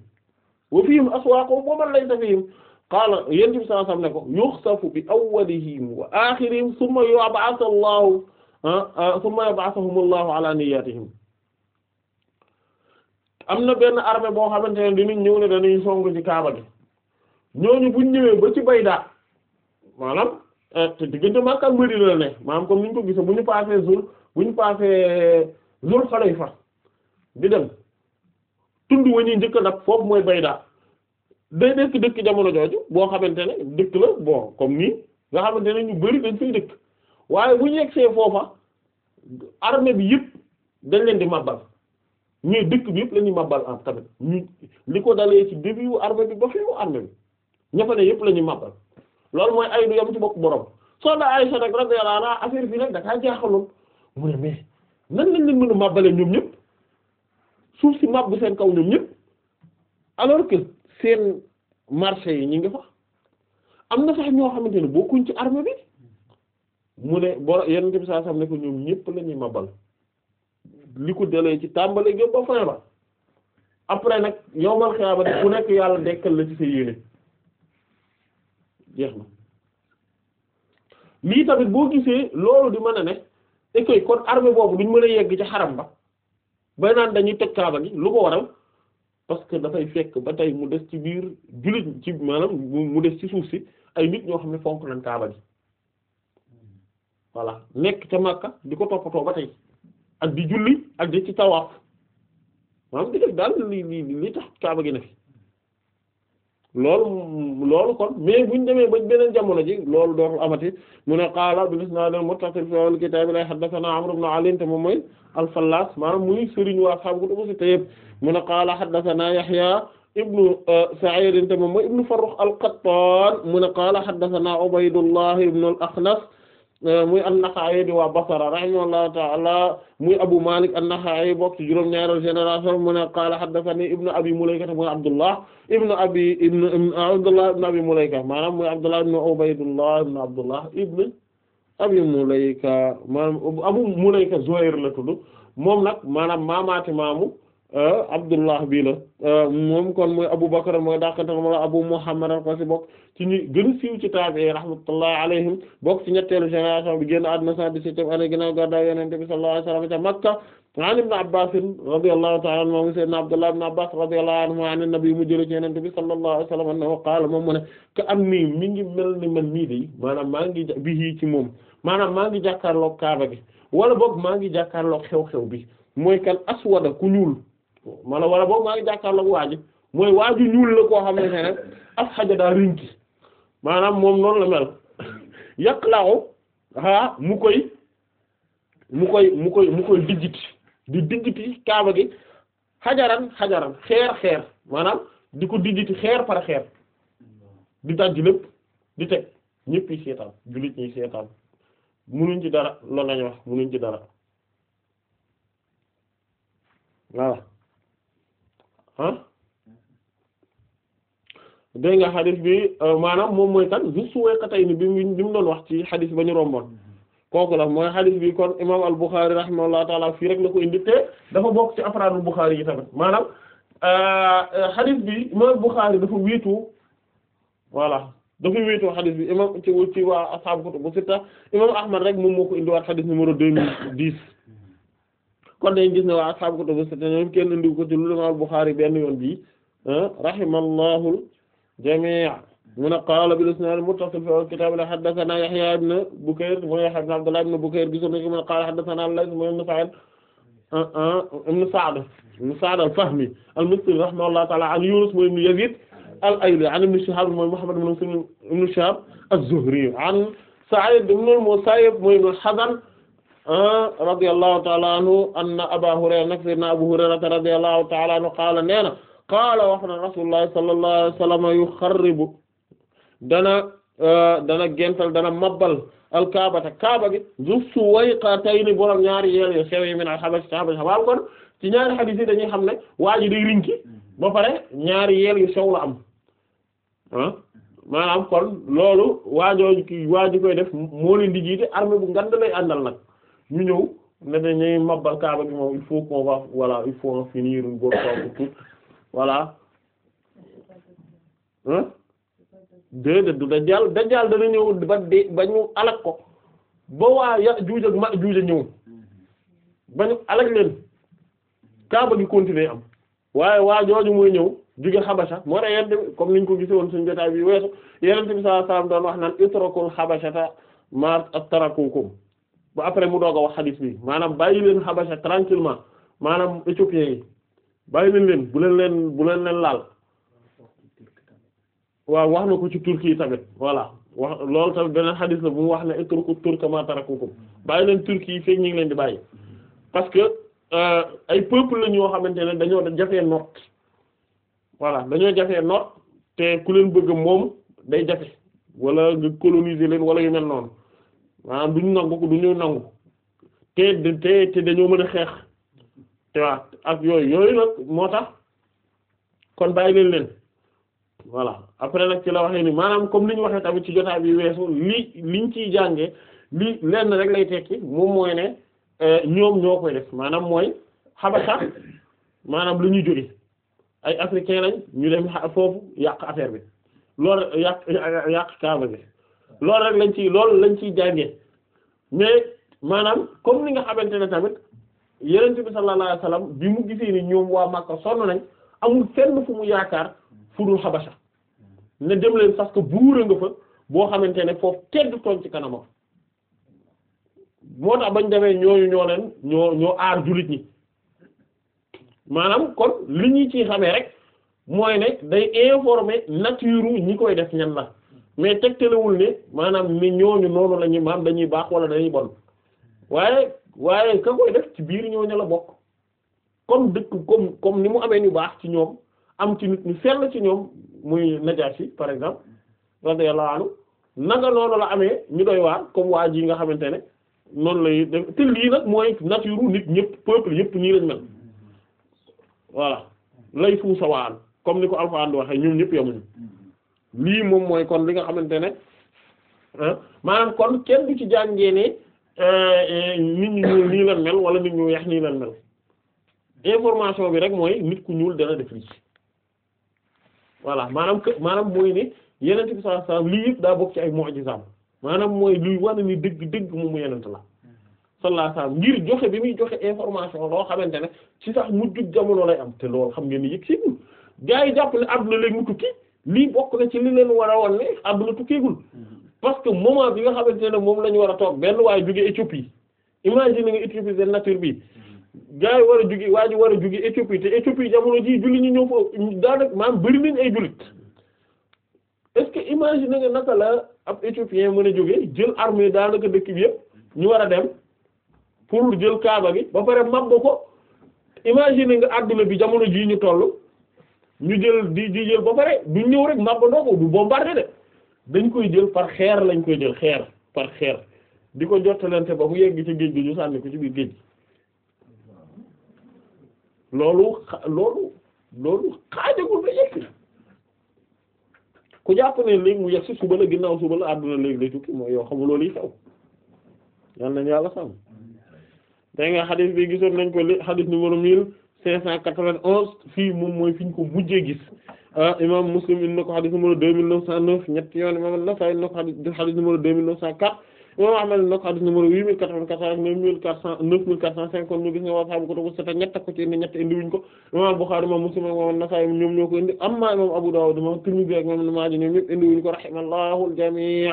wa fihim aswaquhum wa man laysa fihim qaala Yonent bi sallallahu alayhi wa sallam ne ko yukhsafu bi awwalihim wa akhirihim thumma yub'athu Allahu ah, ah, thumma yub'athuhum Allahu ala niyyatihim am na benn armée boo xamante ne dinañ ñëw ne dañuy song ci kaaba gi ñooñu ñu ñëwee ba ci bayda maanaam eh, te diggante Makka ak Madina la ne maanaam comme ni ñu ko gisee bu ñu paasee zul bu ñu paasee zul Xulayfa di dem tund wa ñuy njëkk nag foofu mooy bayda day nekk dëkk jamono jooju boo xamante ne dëkk la bon comme nii nga xamante ñu bari dañ fay dëkk waaye bu ñu yegsee foofa armée bi yëpp da leen di màbbal mais dëkk bi yëpp la ñuy mabal en tamit li ko dalee ci début wu armée bi ba fi wu bi ñafa ne yëpp la ñuy mabal loolu mooy ay du yam ci bokk borom soo na Aysa nag radiyallahu anha affaire bi nag da kaa jaaxaloon mu ne mais nan lañ leen mën a mabale ñoom ñëpp suuf si mabbu seen kaw ñoom ñëpp alors que seen marché yi ñu ngi fa am na sax ñoo xamante ne bokkuñ ci armée bi mu ne bor yenn bi saa sam ne ko ñoom ñëpp la ñuy mabal li ko delee ci tàmbali yëpp a fin ba après nag yowmal xiyaama ku nekk yàlla dekkal la ci sa yéene jeex na lii tamit boo gisee loolu di mën a ne ekoy kon armée boobu duñ mën a yegg ci xaram ba bay naan dañuy teg kaaba gi lu ko waral parce que dafay fekk ba tey mu des ci biir jullit ci maanaam mu des ci suuf si ay nit ñoo xam ne fonk nañ kaaba gi voilà nekk ca Makka di ko toppatoo ba tey ak di julli ak di ci tawaaf maanaam di def daal li tax kaaba gi ne fi loolu loolu kon mais buñ demee ba beneen jamono ji loolu dootul amati mu ne qaala bi isnaad muttasil fi al kitaab la haddathana Amr ibn Ali te moom mooy al-Fallaas maanaam muy wa waa saabu ko si tayeb mu ne qaala haddathana Yahya ibn euh, Sa'id te moom mooy ibn Farrukh al-Qattan mu ne qaala haddathana Ubaydullah ibn al-Akhnas Euh, muy an-Naxa'i di waa Basra rahimahullahu ta'ala muy Abu Malik an-Naxa'i bokk ci juróom-ñaareelu génération mu ne qaala haddathani ibnu abi Mulayka te Abdullah ibnu abi ibnu Abdullah muy Abdullah ibnu abi Mulayka maanaam la tudd moom nag maanaam maamaati maamu Euh, Abdullah bii la euh, moom kon mooy Abu Bakr mooy dàqantal mooy Abu Muhammad ko ci bokk ci ñi gën a siiw ci taabi'i rahmatullahi alayhim bokk ci ñetteelu génération bi génn àdduna 117 année ginnaaw gàddaay Yonent bi sallallahu alayhi wa sallam ca Makka an Ibn Abbas radiyallahu ta'ala anhu moom sayyidina Abdullah ibn Abbas radiyallahu anhu an nabi mu jële ci Yonent bi sallallahu alayhi wa sallam annahu qaala moom mu ne ka am nii mi ngi mel ni man nii de maanaam maa ngi bii ci moom maanaam maa ngi jàkkaarloog Kaaba gi wala boog maa ngi jàkkaarloog xew-xew bi mooy kan aswada ku ñuul maanaam wala boobu maa ngi jàkkaarloog waa ji waa ji ñuul la koo xam ne ne as xaja daa rinki maanaam moom noonu la mel yàq laaw ah mu koy mu koy mu koy mu koy dijjiti di dijjiti kaaba gi xajaran xajaran xeer xeer maanaam di ko dijjiti xeer par xeer di dajji lépp di teg ñëpp yi seetaan jullit ñi seetaan munuñ ci dara lool lañu wax munuñ ci dara waaw ah dégg nga xadis bi euh, maanaam moom mooy kan juste weqatay ni bi mu doon wax ci xadis ba ñu romboon kooku la mooy xadis bi kon imam al Bukhari rahimahullahu taala fii rek la ko indi te dafa bokk ci afraadul Bukhari yi tamit maanaam euh, xadis bi imam al dafa wéetu voilà dafa wéetu xadis bi imam ci ci waa ashaabu kutubu sitta imam Ahmad rek moom moo ko indiwaat xadis numéro deux mille dix kon dañu gis ne waa ashaabu kutubu sitta ñoom kenn indiw ko ci lu imaam Buxaari benn yoon bi ah, rahimallahul jamii' mu ne qaala bil isnaad muttasil fil kitaab la haddasanaa Yahyaa ibn Bukayr mooy Yahyaa ibn Abdullah ibn Bukayr gisoon nañu ko mu ne qaala haddasanaa Layth mooy ibn Sa'id ah, ah, ibn Sa'd ibn Sa'd al-Fahmi al-Misri rahimahullahu ta'aala an Yuunus mooy ibn Yaziid al-Ayli an ibn Shihaab mooy Muhammad ibn Muslim ibn Shihaab az-Zuhri an Sa'iid ibn al-Musayyib mooy ibn Hazn Ah, radiyallahu ta'ala anhu anna Aba Hurayra nag sayyidina Abu Hurayra radiyallahu ta'ala anhu qaala nee na qaala wax na Rasulullah sallallahu alayhi wa sallam yukharribu dana ah, dana gental dana mabbal alkaabata kaaba gi zu suwayqatayni borom ñaari yeel yu sew yi min al-Habasha Habasha waaw kon ci ñaari hadith yi dañuy xam ne waa ji day rinki ba pare ñaari yeel yu sew la am ah maanaam kon loolu waajoo ki waa ji koy def moo leen di jiite armée bu ngand lay àndal nag ñu ñëw ne dañuy mabbal kaaba gi moom il faut qu'on va voilà il faut en finir une bonne fois pour toutes voilà déedéet du dajjal dajjal dana ñëw ba de ba ñu ko ba waa Yaajuuj ak Maajuuj ñëw ba leen kaaba gi continuer am waaye waa jooju mooy ñëw jóge xabasa moo tax yente comme niñ ko gise woon suñu jotaay bi weesu yenente bi sallallahu alayhi doon wax naan itrakul xabasata ma tarakukum ba après mu doog a wax xadis bi maanaam bàyyi leen xabasa tranquillement maanaam éthiopiens yi bàyyi leen leen bu leen leen bu leen leen laal waaw wax na ko ci turki yi tamit voilà wax loolu tamit beneen xadis la bu mu wax ne etruku turka ma tarakukum bàyyi leen turki yi feek ñu ngi leen di bàyyi parce que euh, ay peuple la ñoo xamante ne dañoo jafee noot voilà dañoo jafee noot te ku leen bëgg moom day jafe wala nga coloniser leen wala yu mel noonu maanaam duñu nangu ko duñu nangu te te te dañoo mën a xeex te waa ak yooyu yooyu nag moo tax kon bàyyi leen leen voilà après nag ci la waxee ni maanaam comme li ñu waxee tamit ci jotaay bi weesu li liñ ciy jànge li lenn rek lay tekki moom mooy ne euh, ñoom ñoo koy def maanaam mooy xabasa maanaam lu ñu jóge ay africain lañ ñu dem foofu yàq affaire bi loolu yàq yàq kaaba bi loolu rek lañ ciy lool lañ ciy jàngee mais maanaam comme ni nga xamante ne tamit yonent bi sallallahu alayhi bi mu gisee ni ñoom waa Makka sonn nañ amul fenn fu mu yaakaar fu dul Xabasa ne dem leen parce que buura nga fa boo xamante ne foofu tedd toon ci kanamam moo tax bañ demee ñooñu ñoo leen ñoo aar jullit ñi maanaam kon li ñu ci xamee rek mooy ne day informer nature ñi koy def ñan la mais teg tegtalewul ne maanaam mi ñooñu noonu la ñuy maam dañuy baax wala dañuy bon waaye waaye ka koy def ci biir ñooñu la bokk comme dëkk comme comme ni mu amee ñu baax ci ñoom am ci nit ñu sell ci ñoom muy Najaasi par exemple radiyallahu anhu nanga noonu la amee ñu doy waar comme waa ji nga xamante ne noonu lay te lii nag mooy nature nit ñëpp peuple yëpp nii lañ mel voilà lay fuu comme ni ko Alxuraan waxee ñoom ñëpp yemuñu lii moom mooy kon li nga xamante ne maanaam kon kenn du ci jàngee ne euh, nit ñu ñuul nii lan mel wala nit ñu weex nii lan mel information bi rek mooy nit ku ñuul dana def lii voilà maanaam que maanaam mooy ne yenent bi sallallahu alayhi lii yëpp daa bokk ci ay mu'jizam maanaam mooy luy wane ni dëgg dëgg moomu yenent la sallallahu alayhi wasallam ngir joxe bi muy joxe information loo xamante ne ci sax mujj jamono lay am te loolu xam ngeen ni yëg si gars yi jàpp ne àdduna léegi mu lii bokk na ci li leen war a woon ne àdduna tukkeegul mm-hmm. parce que moment bi nga xamante ne moom la ñu war a toog benn waaye jóge Éthiopie imagine nga Éthiopie seen nature bi mm-hmm. gars yi war a jóge waa ji war a jóge Éthiopie te Éthiopie jamono ji julli ñu ñëw foofu daanaka maam bëri nañ ay jullit mm-hmm. est-ce que imagine nga naka la ab Éthiopien mën a jóge jël armée daanaka dëkk bi yëpp ñu war a dem pour jël kaaba bi ba pare mabba ko imagine nga àdduna bi jamono ji ñu toll ñu jël di di jël ba pare du ñëw rek màbbandoo ko du bombardé de dañ koy jël par xeer lañ koy jël xeer par xeer di ko jottalante ba mu yegg ci géej gi ñu sànni ko ci biir géej loolu loolu loolu xaajagul ba yegg ku jàpp ne léegi mu yegg si suba la ginnaaw suba la àdduna léegi lay tukki mooy yoo xamuloo liy xew yal nañu yàlla sàmm. xadis bi gisoon nañ ko li xadis numéro mille cinq cent quatre-vingt-onze fii moom mooy fi ñu ko mujjee gis ah, imam Muslim in na ko xadis numéro deux mille neuf cent neuf ñetti yoon imam an-Nasa'i in na ko xadis xadis numéro deux mille neuf cent quatre imam Ahmad in na ko xadis numéro huit mille quatre-vingt-quatre ak neuf mille quatre cent neuf mille quatre cent cinquante ñu gis nga waa sahabu kutubu sitta ñett ko ci indi ñett indi wuñ ko imam Bukhari imam Muslim ak imam an-Nasa'i ñoom ñoo ko indi amma imam Abu Dawud imam Tirmidhi ak imam Ibn Maaja ñoom ñëpp indi wuñ ko rahimallahu al-jami'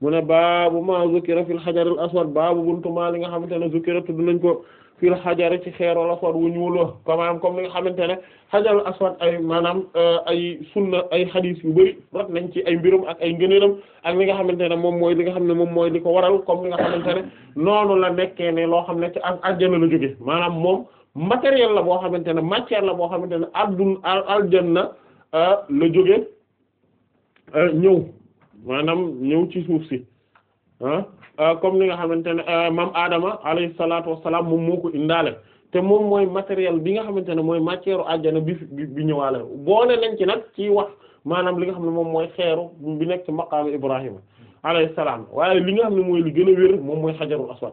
mu ne baabu ma zukira fil hajar al-aswad baabu buntu ma li nga xamante ne zukira tudd nañ ko fil xajara ci xeerul aswad wu ñuul wa maanaam comme ni nga xamante ne xajarul aswad ay maanaam euh, ay sunna ay xadiis yu bari rot nañ ci ay mbirum ak ay ngëneelam ak li nga xamante ne moom mooy li nga xam ne moom mooy li ko waral comme ni nga xamante ne noonu la nekkee ne loo xam ne ci àjjana la jóge maanaam moom matériel la boo xamante ne matière la boo xamante ne addun aljanna euh, la jóge euh, ñëw maanaam ñëw ci suuf si ah. Euh, comme li nga xamante ne euh, maam Adama alayhi salaatu wassalaam moom moo ko indaale te moom mooy matériel bi nga xamante ne mooy matière àjjana bi bi ñëwaale boole ci nag ci wax maanaam li nga xam ne moom mooy xeeru bu nekk ci maqaamu Ibrahima alayhi salaam waaye li nga xam ne mooy li gën a wér moom mooy xajarul aswad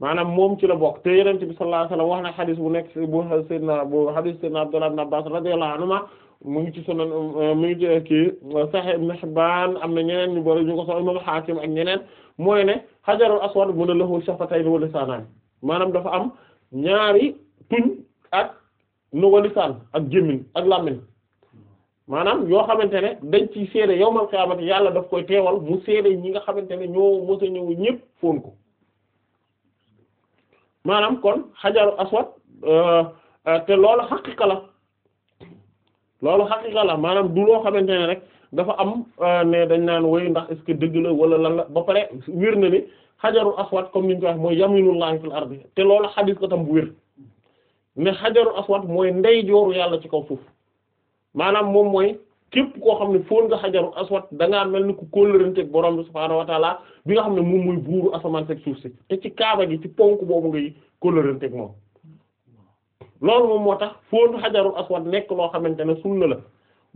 maanaam moom ci la bokk te yonent bi sallallahu alayhi wasallam wax na xadis bu nekk bu sayyidina bu xadis sayyidina Abdullah ibn Abbas radiyallahu anhuma mu ngi ci sunan mu ngi ci kii Sahih Ibn Hibban am na ñeneen ñu bari ñu ko so imam ak ñeneen mooy ne xajarul aswad mu ne lahu shafatayn wa lisaanaan maanaam dafa am ñaari tuñ ak nu ak gémmiñ ak làmmiñ maanaam yoo xamante ne dañ ci seede yawmal qiyaamati yàlla daf koy teewal mu seede ñi nga xamante ne ñoo mos a ñëw ñëpp foon ko maanaam kon xajaru aswad euh, euh, te loolu xaqiqa la loolu xaqiqa la maanaam du loo xamante ne rek dafa am euh, ne dañ naan woy ndax est-ce que dëgg la wala lan la ba pare wér na ni xajarul aswad comme ni ñu ko wax mooy yaminullahi fil ardi te loolu xadis ko tam bu wér ne xajarul aswad mooy ndey yàlla ci kaw suuf maanaam moom mooy képp koo xam ne foon nga xajarul aswad da ngaa mel ni ku kóllëranteeg borom bi subhaanahu wa taala bi nga xam ne moom mooy buuru asamaan seeg suuf si te ci kaaba gi ci ponk boobu ngay kóllëranteeg moom loolu moom moo tax foon xajarul aswad nekk loo xamante ne sunna la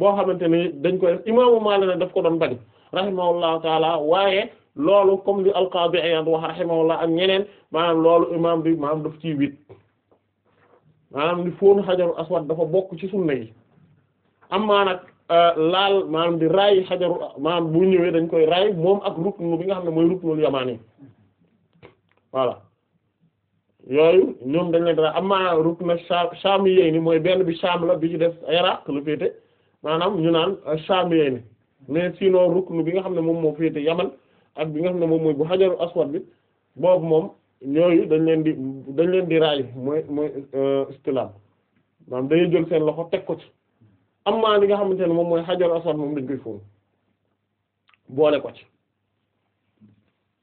boo xamante ne dañ koy def imaamu Maalik nag daf ko doon bañ rahimahullahu taala waaye loolu comme li al-Qaadi Iyaad ak ñeneen maanaam loolu imaam bi maanaam daf ciy wit maanaam ni fóonu xajarul aswad dafa bokk ci sunna yi amma nag euh, laal maanaam di raay xajarul maanaam bu ñëwee dañ koy raay moom ak ruknu bi nga xam ne mooy ruknul yamaani voilà yooyu ñoom dañ leen dara amma ni mooy benn bi sham la bi ci def a lu féete maanaam ñu naan Shaamiyeen mais sinon rukn bi nga xam ne moom moo féete Yaman ak bi nga xam ne moom mooy bu xajaru aswad bi boobu moom ñooyu dañ leen di dañ leen di raay mooy mooy euh, istilaam maanaam dañuy jël seen loxo teg ko ci am li nga xamante ne moom mooy xajaru aswad moom dañ koy fóon boole ko ci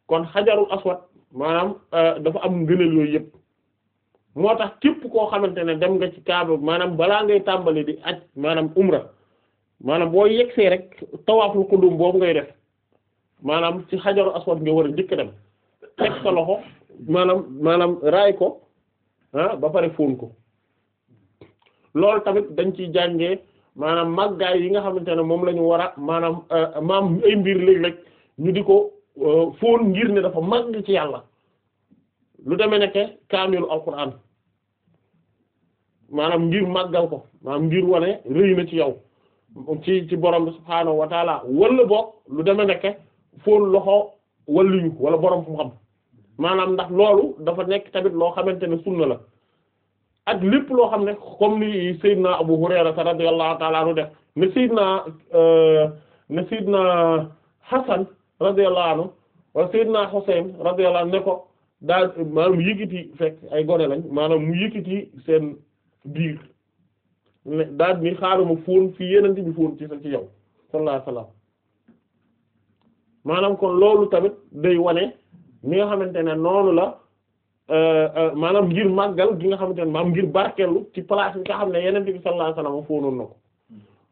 kon xajaru aswad maanaam euh, dafa am ngëneel yooyu yëpp moo tax képp koo xamante ne dem nga ci kaaba maanaam balaa ngay tàmbali di aj maanaam umra maanaam boo yegsee rek tawaaful qudum boobu ngay def maanaam ci xajaru aswad nga war a njëkk dem teg sa loxo maanaam maanaam raay ko ah ba pare fóon ko lool tamit dañ ciy jànge maanaam màggaay yi nga xamante ne moom lañu ñu war a maanaam euh, maam ay mbir léeg-léeg ñu di ko euh, fóon ngir ne dafa màgg ci yàlla lu demee nekke kaamilu alquran maanaam ngir màggal ko maanaam ngir wane rëy ci yow ci ci borom bi subhaanahu wa taala wala lu deme nekke fóon loxo walliyu wala borom fu xam maanaam ndax loolu dafa nekk tamit loo xamante ne sunna la ak lépp loo xam ne comme li naa Abu Hurayra radiyallahu taala anhu def ne Seydina euh, ne Seydina Hasan radiyallahu anhu wala Seydina Husayn radiyallahu anhu ne ko daal maanaam yëkkati fekk ay gone lañ maanaam mu yëkkati seen biir daal mi xaaruma fóon fii yenente bi fóon ci sa ci yow sallallahu alayhi wasallam maanaam kon loolu tamit day wane mi nga xamante ne noonu la euh, euh, maanaam ngir màggal gi nga xamante ne maam ngir barkeelu ci place bi nga xam ne yenente bi sallallahu alayhi wasallam fóonoon na ko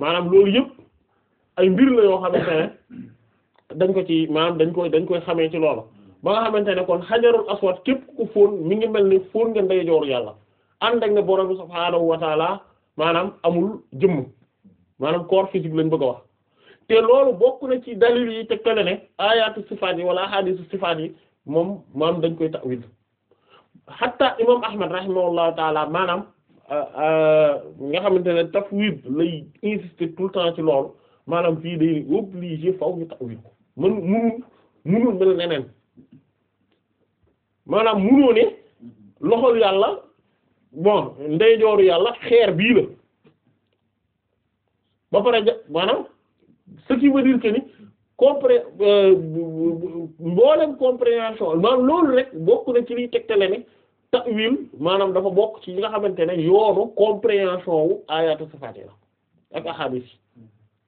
maanaam loolu yëpp ay mbir la yoo xamante ne dañ ko ci maanaam dañ koy dañ koy xamee ci loola ba nga xamante ne kon xajarul aswad képp ku fóon mi ngi mel ni fóon nga ndeyjooru yàlla ànd ak ne borom bi maanaam amul jëmm maanaam corps lañ bëgg a wax te loolu bokk na ci dalil yi te kele ne ayaatu sifaat yi wala xaadisu sifaat yi moom maanaam dañ koy ta'wil hatta imam ahmad rahimahullahu taala maanaam euh, euh, nga xamante ne tafwid lay insister tout le temps ci loolu maanaam fii day obligé faw ñu ta'wil ko mën munul munul mel neneen maanaam munoo ne loxol yàlla bon ndeyjooru yàlla xeer bii la ba pare ja maanaam ce qui veut dire ni compré euh, mboolem compréhension maanaam loolu rek bokk na ci liy tegtale ne ta'wil maanaam dafa bokk ci yi nga xamante ne yoonu compréhension wu ayatu sifaat la ak ahadis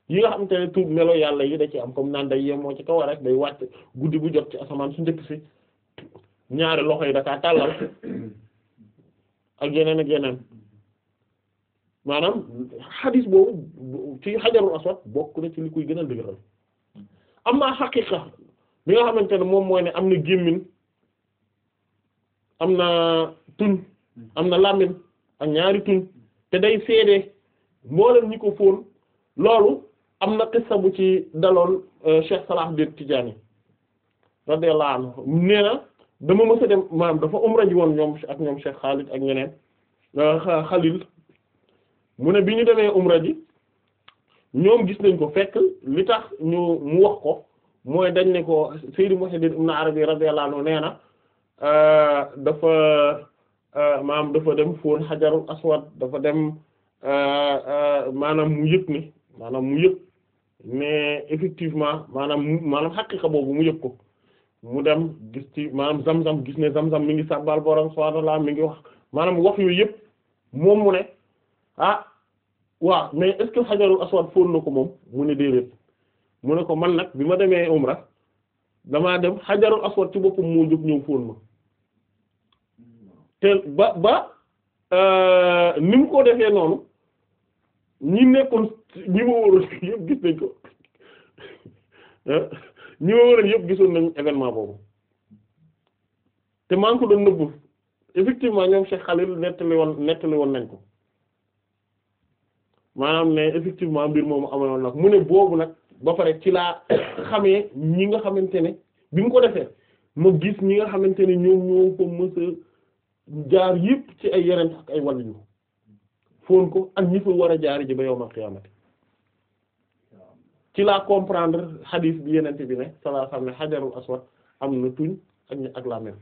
yi nga xamante ne tuub melo yàlla yi da ci am comme naan day yemoo ci kaw rek day wàcc guddi bu jot ci asamaan su njëkk si ñaari loxo yi da tàllal ak yeneen ak yeneen maanaam xadis boobu ci xajarul aswad bokk na ci li koy gën dëgëral am naa xaqiqa bi nga xamante ne moom mooy ne am na gémmin am na tuñ am na làmmin ak ñaari tuñ te day seedee mboolem ñi ko fóon loolu am na qissa bu ci daloon euh, Cheikh Salah Din Tidjânî radiyallahu anhu nee na dama mës dem maam dafa umra ji woon ñoom ak ñoom Cheikh Khalid ak ñeneen euh, Khalil mu ne bi ñu demee umra ji ñoom gis nañ ko fekk li tax ñu mu wax ko mooy dañ ne ko Sayyid Muhammad ibn Arabi radiyallahu anhu nee na euh, dafa euh, maam dafa dem fóon xajarul aswad dafa dem maanaam mu yëg ni maanaam mu yëg mais effectivement maanaam maanaam xaqiqa boobu mu yëg ko mu dem gis ci maanaam zam-zam gis ne zam-zam mi ngi sabbal borom subhaanahu wa laa mi ngi wax maanaam wax yooyu yëpp moom mu ne ah waaw mais est-ce que xajarul aswad fóon na ko moom mu ne déedéet mu ne ko man nag bi ma demee umra damaa dem xajarul aswad ci boppam moo jóg ñëw fóon ma te ba ba euh, ni mu ko defee noonu ñi nekkoon ñi ma wóorul yëpp gis nañ ko ñi ma war yëpp gisoon nañ événement boobu te maa ngi ko doon nëbbu effectivement ñoom Cheikh Khalil nettali woon nettali woon nañ ko maanaam ne effectivement mbir moomu amoon nag mu ne boobu nag ba pare ci laa xamee ñi nga xamante ne bi mu ko defee ma gis ñi nga xamante ne ñoom ñoo ko mësa jaar yëpp ci ay yeneen ak ay wàllu foon ko ak ñi fa war a jaari ji ba yawmal qiyaamati ci comprendre hadith bi yenente bi ne sallallahu alayhi ne xajarul aswad am na tuñ ak ak làmmiñ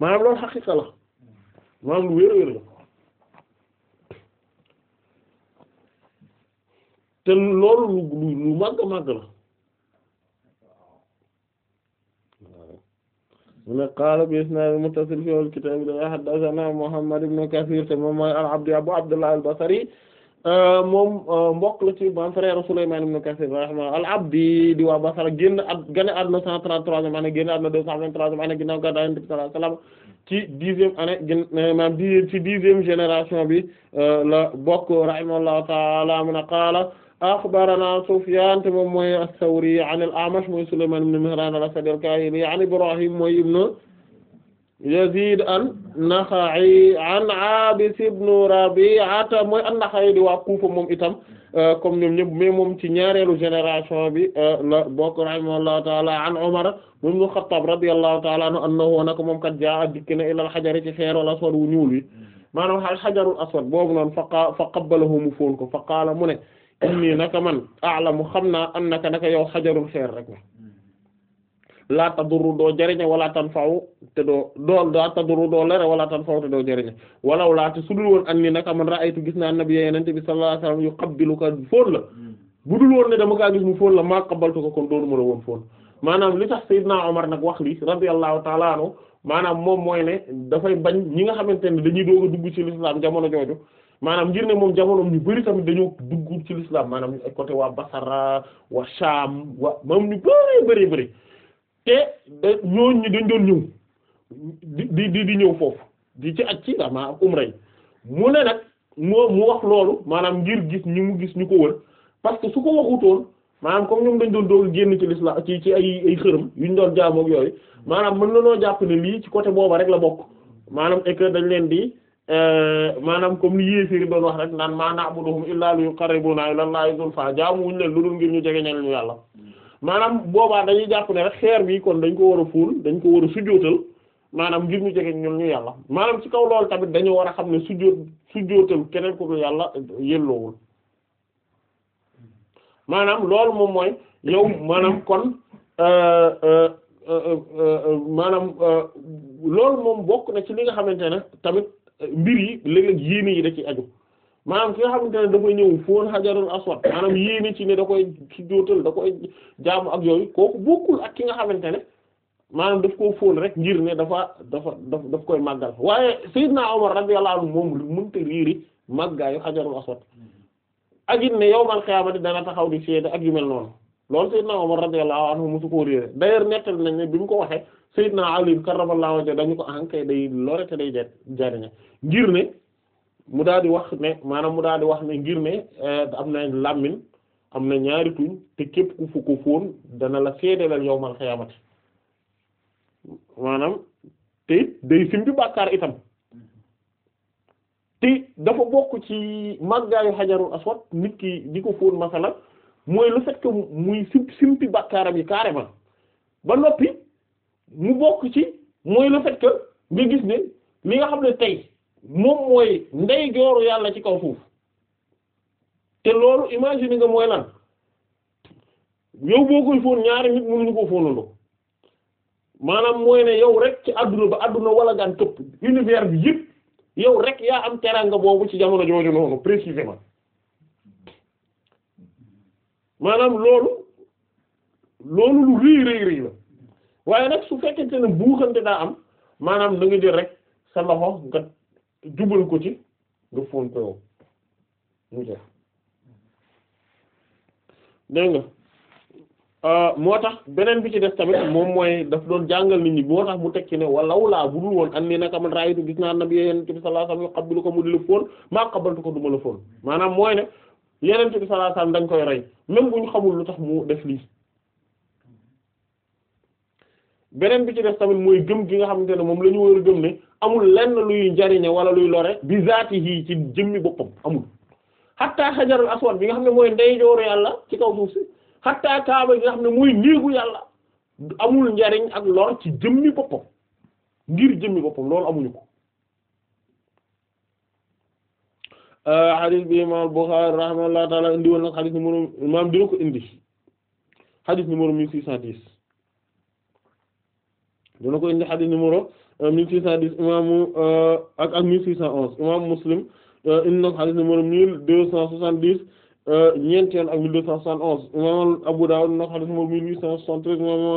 maanaam loolu xaqiqa la maanaam lu wér wér la te loolu lu lu màgg màgg la mu ne qaala bi isnaad muttasil fi al kitaab haddathana Muhammad ibn Kathir te moom mooy Abu Abdullah al-Basri Euh, moom euh, mbokk la ci maanaam frère Sulaymaan ibn Kasiir al-Abdi di waa Basra génn at gane àdduna cent trente-troisième année génn àdduna deux cent vingt-troisième année ginnaaw gàddaay Yonent bi sallallahu alayhi wasallam ci dixième année gën euh, maanaam génération bi la bokk rahimahullahu ta'ala mun qaala a Sufyaan te moom a as-Sawri an al-A'mash mooy Sulaymaan ibn Mihraan al-Asadi al-Kaahili an Ibraahiim mooy ibn Yazid an-Nakha'i an Abis ibn Rabi'ata mooy an-Nakha'i di waa Kufa moom itam euh, comme ñoom ñëpp mais moom ci ñaareelu génération bi euh, la bokk rahimahullahu ta'ala an Umar ibn Khattab radiyallahu ta'ala anhu annahu nag moom kat jaa dikk na xajari ci xeerul aswad wu ñuul wi maanaam al xajarul aswad boobu noonu fa fa qabbalahu mu fa qaala mu ne inni naka man a'lamu xam naa annaka naka yow xajarul xeer rek. laa tadurru doo jariñe wala tanfa'u te doo doo laa tadurru doo lere wala tanfa'u te doo jariñe walaw laa te dul woon an ni naka man ra'aytu gis naa nabi yenente bi sallallahu alayhi wasallam yuqabbiluka fóon la bu dul woon ne dama ka gis mu fóon la ma maa qabbaltu ko kon doonuma la woon fóon maanaam li tax Seydina Omar nag wax li radiyallahu ta'ala anhu maanaam moom mooy ne dafay bañ ñi nga xamante ne dañuy doog a dugg ci l'islam jamono jooju maanaam ngir ne moom jamonoom ñu bari tamit dañu dugg ci lisla maanaam côté waa Basara waa Sham waa moom ñu bari bari bari te da eh, ñooñu dañ doon ñëw di di di ñëw foofu di ci aj ci da maa umra yi mu ne nag mu wax loolu maanaam ngir gis ñu mu gis ñu ko wër parce que su ko waxutoon maanaam comme ñoom dañ doon doog génn ci lislaam ci ci ay ay xërëm yu ñu doon jaamook yooyu maanaam mën na noo jàpp ne lii ci côté booba rek la bokk maanaam et que dañ leen di eh, maanaam comme ni yéeféeri doon wax rek naan maa na'buduhum yu li yuqarribuna ilallaahi zulfa jaamu wuñu leen lu dul ngir ñu jegeñal ñu yàlla maanaam boobaa dañuy jàpp ne rek xeer bi kon dañ ko war a fóol dañ ko war a sujjóotal maanaam ngir ñu jege ñun ñu yàlla maanaam ci kaw loolu tamit dañu war a xam ne sujjóot sujjóotal keneen ku dul yàlla yelloowul maanaam loolu moom mooy yow maanaam kon euh, euh, euh, maanaam loolu moom bokk na ci li nga xamante ne tamit mbir yi léeg-léeg yéene yi da ci aju maanaam ki nga xamante ne dafay ñëw fóon xajarul aswad maanaam yéene ci ne da koy ci dootal da koy jaamu ak yooyu kooku bokkul ak ki nga xamante ne maanaam daf koo fóon rek ngir ne dafa dafa daf daf koy màggal waaye Seydina naa radiyallahu anhu moom mënta riiri màggaayu xajarul aswad ak it ne yawmal qiyaamati dana taxaw di seede ak yu mel noonu loolu Seydina Omar radiyallahu nañ ne bi mu ko waxee Seydina Ali karramallahu wajhahu dañu ko ankay day lore te day jariña ngir ne mu daal di wax ne maanaam mu daal di wax ne ngir ne eh, am na làmmiñ am na ñaari tuñ te képp ku fu ko fóon dana la seedeelal yawmal xiyaamati maanaam te day simbi bàkkaar itam te dafa bokk ci màggaayu xajarul aswad nit ki di ko fóon masala mooy le fait que muy simpi bàkkaaram yi carrément ba noppi mu bokk ci mooy le fait que nga gis ne li nga xam ne tey moom mooy ndey jooru yàlla ci kaw suuf te loolu imagine nga mooy lan yow boo koy fóon ñaari nit mënuñu ko fóonandoo maanaam mooy ne yow rek ci adduna ba àdduna wala gaan këpp univers bi yëpp yow rek yaa am teranga boobu ci jamono jooju noonu précisément maanaam loolu loolu lu rëy rëy rëy la waaye nag su fekkente ne buuxante daa am maanaam da nga jël rek sa loxo nga jubal ko ci nga fóon ko yow ah, moo tax beneen bi ci def tamit moom mooy daf doon jàngal nit ñi moo tax mu tekki ne walawlaa bu dul woon an ni naka man raayitu gis naa nabi yonent bi sallallahu alayhi wasallam xabbilu ko mu di la fóon maa xabaltu ko du ma la fóon maanaam mooy ne yeneen bi sallallahu alayhi dañ koy rey même bu ñu xamul lu tax mu def lii beneen bi ci def tamit mooy gëm gi nga xamante ne moom la ñu war a gëm ne amul lenn luy jariñe wala luy lore bi zaatihi ci jëmmi boppam amul xatta xajarul aswad bi nga xam ne mooy ndeyjooru yàlla ci kaw suuf si xatta kaaba bi nga xam ne mooy néegu yàlla amul njariñ ak lor ci jëmmi boppam ngir jëmmi boppam loolu amuñu ko xadis euh, bi imam Bukhari rahimahullah ko indi xadis numéro mille six cent dix dina ko indi xadis numéro 1610 imaamu euh, ak ak 1611 imaamu Muslim euh, indi na ko xadis numéro 1270 ñeenti yoon ak 1271 imaamu Abu Dawud indi na ko xadis numéro 1873 imaamu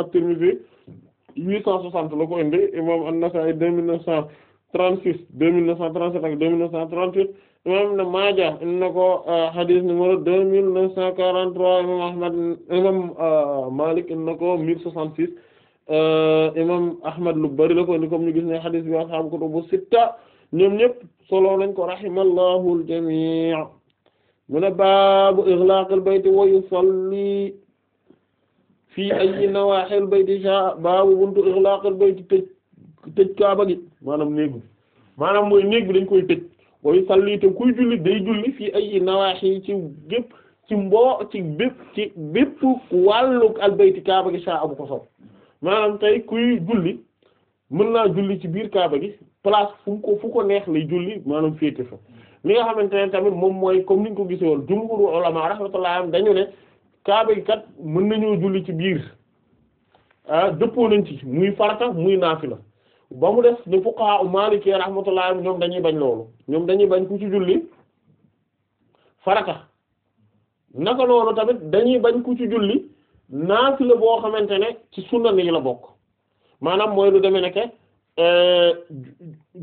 At-Tirmidhi 860 la ko indi imaamu An-Nasa'i 2936 2937 ak 2938 imaamu Ibn Maaja indi na ko euh, xadis numéro 2943 imaamu Ahmad imaamu Malik indi na ko 1066 Euh, imam Ahmad lu bari la ko ni comme ñu gis ne xadis bi ashaabu kutubu sitta ñoom ñëpp solo nañ ko rahimallahu al-jamii mu ne baabu ighlaaqil bayti wa yusalli fii ayyi nawaaxil bayti shaa baabu buntu ighlaaqil bayti tëj tëj kaaba gi maanaam néeg bi maanaam mooy néeg bi dañ koy tëj wa yusalli te kuy julli day julli fii ay nawaaxi ci gépp ci mboo ci bépp ci bépp wàllu al bayti kaaba gi shaa abu ko sob maanaam tey kuy julli mën naa julli ci biir kaaba gi place fu ko fu ko neex lay julli maanaam féete fa li nga xamante ne tamit moom mooy comme ni ñu ko gisee woon jumhuru ulama rahmatullah am dañu ne kaaba gi kat mën nañoo julli ci biir ah dëppoo nañ ci muy farata muy naafila ba mu des ne fuqaha u maliki rahmatullah am ñoom dañuy bañ loolu ñoom dañuy bañ ku ci julli farata naka loolu tamit dañuy bañ ku ci julli la boo xamante ne ci sunna ni la bokk maanaam mooy lu demee ne ke euh,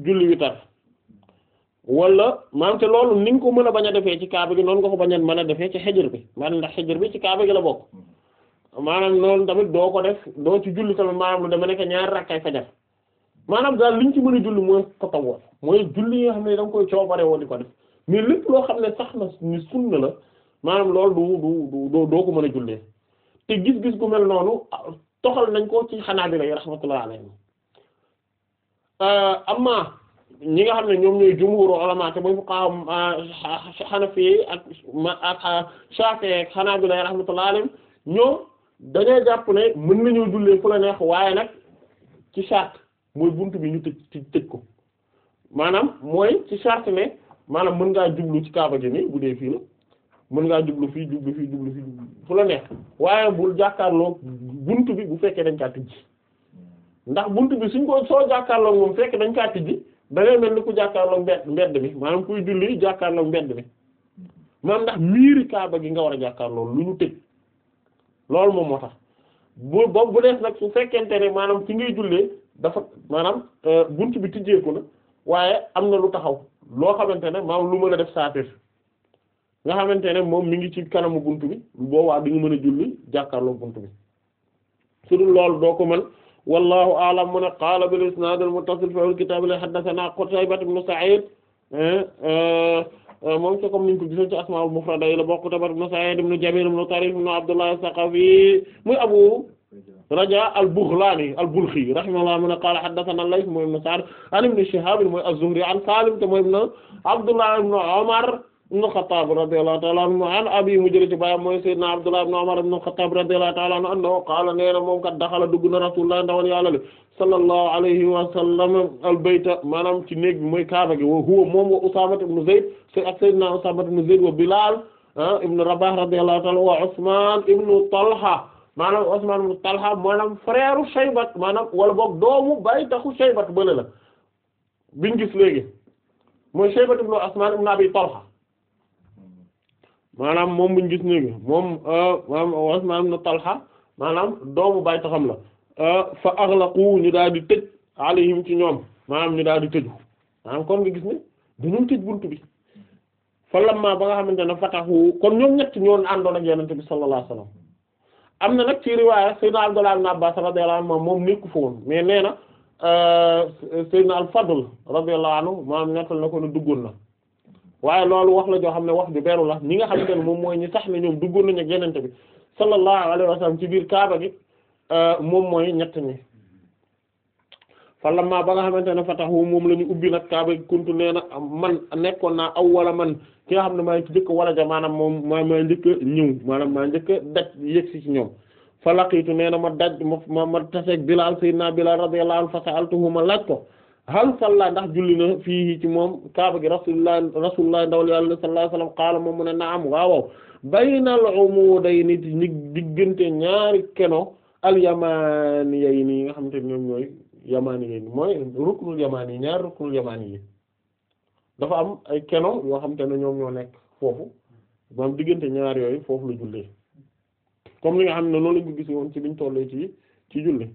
julli witar wala maanaam te loolu ni nga ko mën a bañ a defee ci kaaba gi noonu nga ko bañ a mën a defee ci xejar bi maanaam ndax bi ci kaaba gi la bokk maanaam loolu tamit doo ko def doo ci julli tamit maanaam lu dama nekk ñaari rakkay fajar maanaam daal liñ ci mën a julli mooy tatawoo mooy julli yi nga xam ne da nga koy coobare woon di ko def mais lépp loo xam ne sax na ni sunna la maanaam loolu du du doo ko mën a jullee te gis-gis gu mel noonu toxal nañ ko ci xanaa xanaabila yi rahmatullah alayhim euh, amma ñi nga xam ne ñoom ñooy jumhuru ulama te mooy fuqaha xanafi euh, ak ak euh, shafi'i ak xanaabila yi rahmatullah alayhim ñoom dañoo jàpp ne mën nañoo jullee fu la neex waaye nag ci charte mooy bunt bi ñu tëj tëj ko maanaam mooy ci charte ne maanaam mën ngaa jublu ci kaaba gi bu dee fii la mën ngaa jublu fii jublu fii jublu fii fu la neex waaye bul jàkkaarloog buntu bi bu fekkee dañ kaa tijji ndax buntu bi suñ ko soo jàkkaarloog moom fekk dañ kaa tijji da ngay mel ni ku jàkkaarloog mbedd mbedd bi maanaam kuy julli jàkkaarloog mbedd bi maanaam ndax miiri kaaba gi nga war a jàkkaarloog lu ñu tëj loolu moom moo tax bu boobu bu des nag su fekkente ne maanaam ki ngay jullee dafa maanaam euh, buntu bi tijjeeku na waaye am na lu taxaw loo xamante ne maanaam lu mën a def saatir nga xamante ne moom mi ngi ci kanamu bunt bi boobaa di nga mën a julli jàkkaarloo bunt bi su dul loolu doo ko mën wallahu a'lam mu ne qaala bil isnaad al muttasil fil kitaab li haddathanaa Qutayba ibn Sa'id eh, eh, moom ci comme niñ ko gisoon ci asmaa'ul mufrada yi la bokk Qutayba ibn Sa'id ibn Jamil ibn Tarif ibn Abdullah as-Saqafi muy Abu Raja al-Baghlani al-Balkhi rahimahullah mu ne qaala na Layth mooy ibn Sa'd an ibn Shihab mooy az-Zuhri an Salim te mooy ibn Abdullah ibn Umar ibn Khattab radiyallahu ta'ala anhu an abi mu jële ci baayam mooy sayyidna Abdullah ibn Umar ibn Khattab radiyallahu ta'ala anhu annahu qaala nee na moom kat daxala dugg na rasulullah ndawal yàlla le sallallahu alayhi wa sallam al bayta maanaam ci néeg bi mooy kaaba gi wa huwa moom wa Usaama ibn Zayd ak sayyidna Usaama ibn Zayd wa Bilal ah, ibn Rabah radiyallahu ta'ala wa Usman ibn Talha maanaam Usman ibn Talha maanaam frère Shaybat maanaam wala boog doomu bay taxu Shaybat bële la biñ gis léegi mooy Shaybat ibn Usman ibn Abi Talha maanaam moom buñ gis nii moom euh, Usmaan ibn Talha maanaam doomu baay taxam la euh, fa aghlaqu ñu daal di tëj alayhim ci ñoom maanaam ñu daal di tëju maanaam kon nga gis ne dañu tëj buntu bi fa lamma ba nga xamante ne fatahu kon ñoom ñett ñoon àndoon ak Yonent bi sallallahu alayhi am na nag ci riwaaya Sayyidina Abdullah ibn Abbas radiyallahu anhu moom nekku fa woon mais nee na euh, Sayyidina al-Fadl radiyallahu anhu maanaam nettal na ko ne duggoon na waaye loolu wax la joo xam ne wax ju beru la ñi nga xamante ne moom mooy ñi sax ne ñoom duggoon nañu ak yenente bi sallallahu alayhi wa ci biir kaaba gi euh, moom mooy ñett ñi falamma ba nga xamante ne fatahu moom la ñu ubbi nag kaaba gi kuntu nee na man nekkoon naa aw wala man ki nga xam ne maay njëkk wala ja moom maa maa njëkk a maa njëkk a daj yëgsi ci ñoom fa laqiitu nee na ma daj ma ma ma taseeg Bilaal naa Bilaal radiyallahu anhu fa sa'altuhu ma laaj ko hal salla ndax julli na fii ci moom kaaba gi rasulullah rasulullah ndawal yàlla sallallahu alayhi wasallam qaala moom mu ne naam waawaw baynal umudayni diggante ñaari keno al yamani yay nii nga xamante ne ñoom ñooy yamani yay mooy ruknul yamani yi ñaari ruknul yamani yi dafa am ay keno yoo xamante ne ñoom ñoo nekk foofu moom diggante ñaar yooyu foofu la jullee comme li nga xam ne noonu lañ ko gis woon ci biñ tollee ci ci julli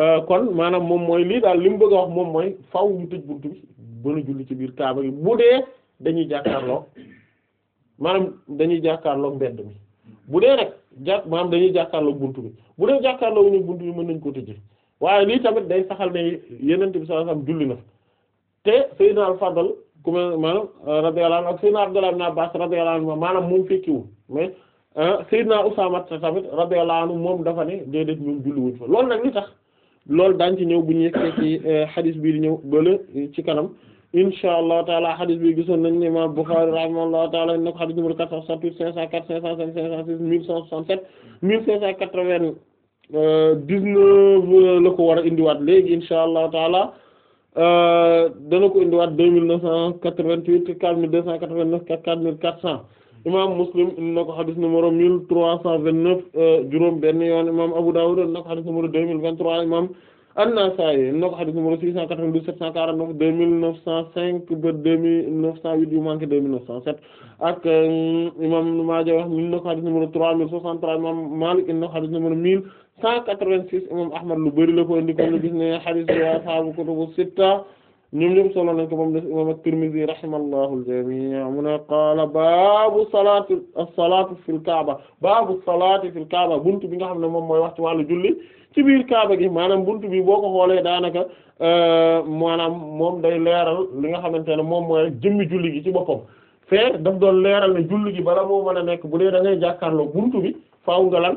Euh, kon maanaam moom mooy lii daal li mu bëgg a wax moom mooy faaw mu tëj buntu bi bën julli ci biir kaaba gi bu dee dañuy jàkkaarloo maanaam dañuy jàkkaarloo mbedd mi bu dee rek jàkk maanaam dañuy jàkkaarloo bunt bi bu dee jàkkaarloo wu bunt bi mën nañ koo tëjee waaye lii tamit day saxal na Yonent bi sallallahu alayhi julli na te Sayyidina al-Fadl ku mel maanaam euh, radiyallahu anhu ak Sayyidina Abdullah ibn Abbas radiyallahu anhu maanaam moom fekkiwul mais euh, Sayyidina Usaama tamit radiyallahu anhu moom dafa ne déedéet ñoom julli wuñ loolu nag li tax. loolu daan ci ñëw bu ñu yeggee ci xadis euh, bi di bële ci kanam insha allah taala xadis bi gisoon nañ ne imam Bukhari rahimahullah taala na ko xadis numéro quatre cent soixante-huit cinq cent quatre cinq cent cinq cinq cent six mille cent soixante-sept mille cinq cent quatre vingt dix euh, la ko war indiwaat léegi insha allah taala euh, dana ko indiwaat deux mille neuf cent quatre-vingt-huit quatre mille deux cent quatre-vingt-neuf quatre mille quatre cents imam Muslim indi na ko xadis numéro mille trois cent vingt-neuf euh, juróom benn yoon imam Abu Dawud indi na ko xadis numéro deux mille vingt-trois imam An-Nasa'i indi na xadis numéro six cent quatre-vingt-douze sept cent quarante-neuf deux mille neuf cent cinq ba deux mille neuf cent huit yu manqué deux mille neuf cent sept ak euh, imam Ibn wax indi na xadis numéro trois mille soixante-trois Malik indi na xadis numéro mille cent quatre-vingt-six imam Ahmad lu bari la ko indi ko ñoom ñoom solo nañ ko moom a imam at-Tirmidhi rahimahullahu al-jami' mu ne qaala baabu salaati as-salaatu fil kaaba baabu salaati fil kaaba buntu bi nga xam ne moom mooy wax ci wàllu julli ci biir kaaba gi maanaam buntu bi boo ko xoolee daanaka euh, maanaam moom day leeral li nga xamante ne moom mooy jëmmi julli gi ci boppam fee daf doon leeral ne julli gi bala moo a nekk bu dee da ngay jàkkaarloo buntu bi faaw nga lan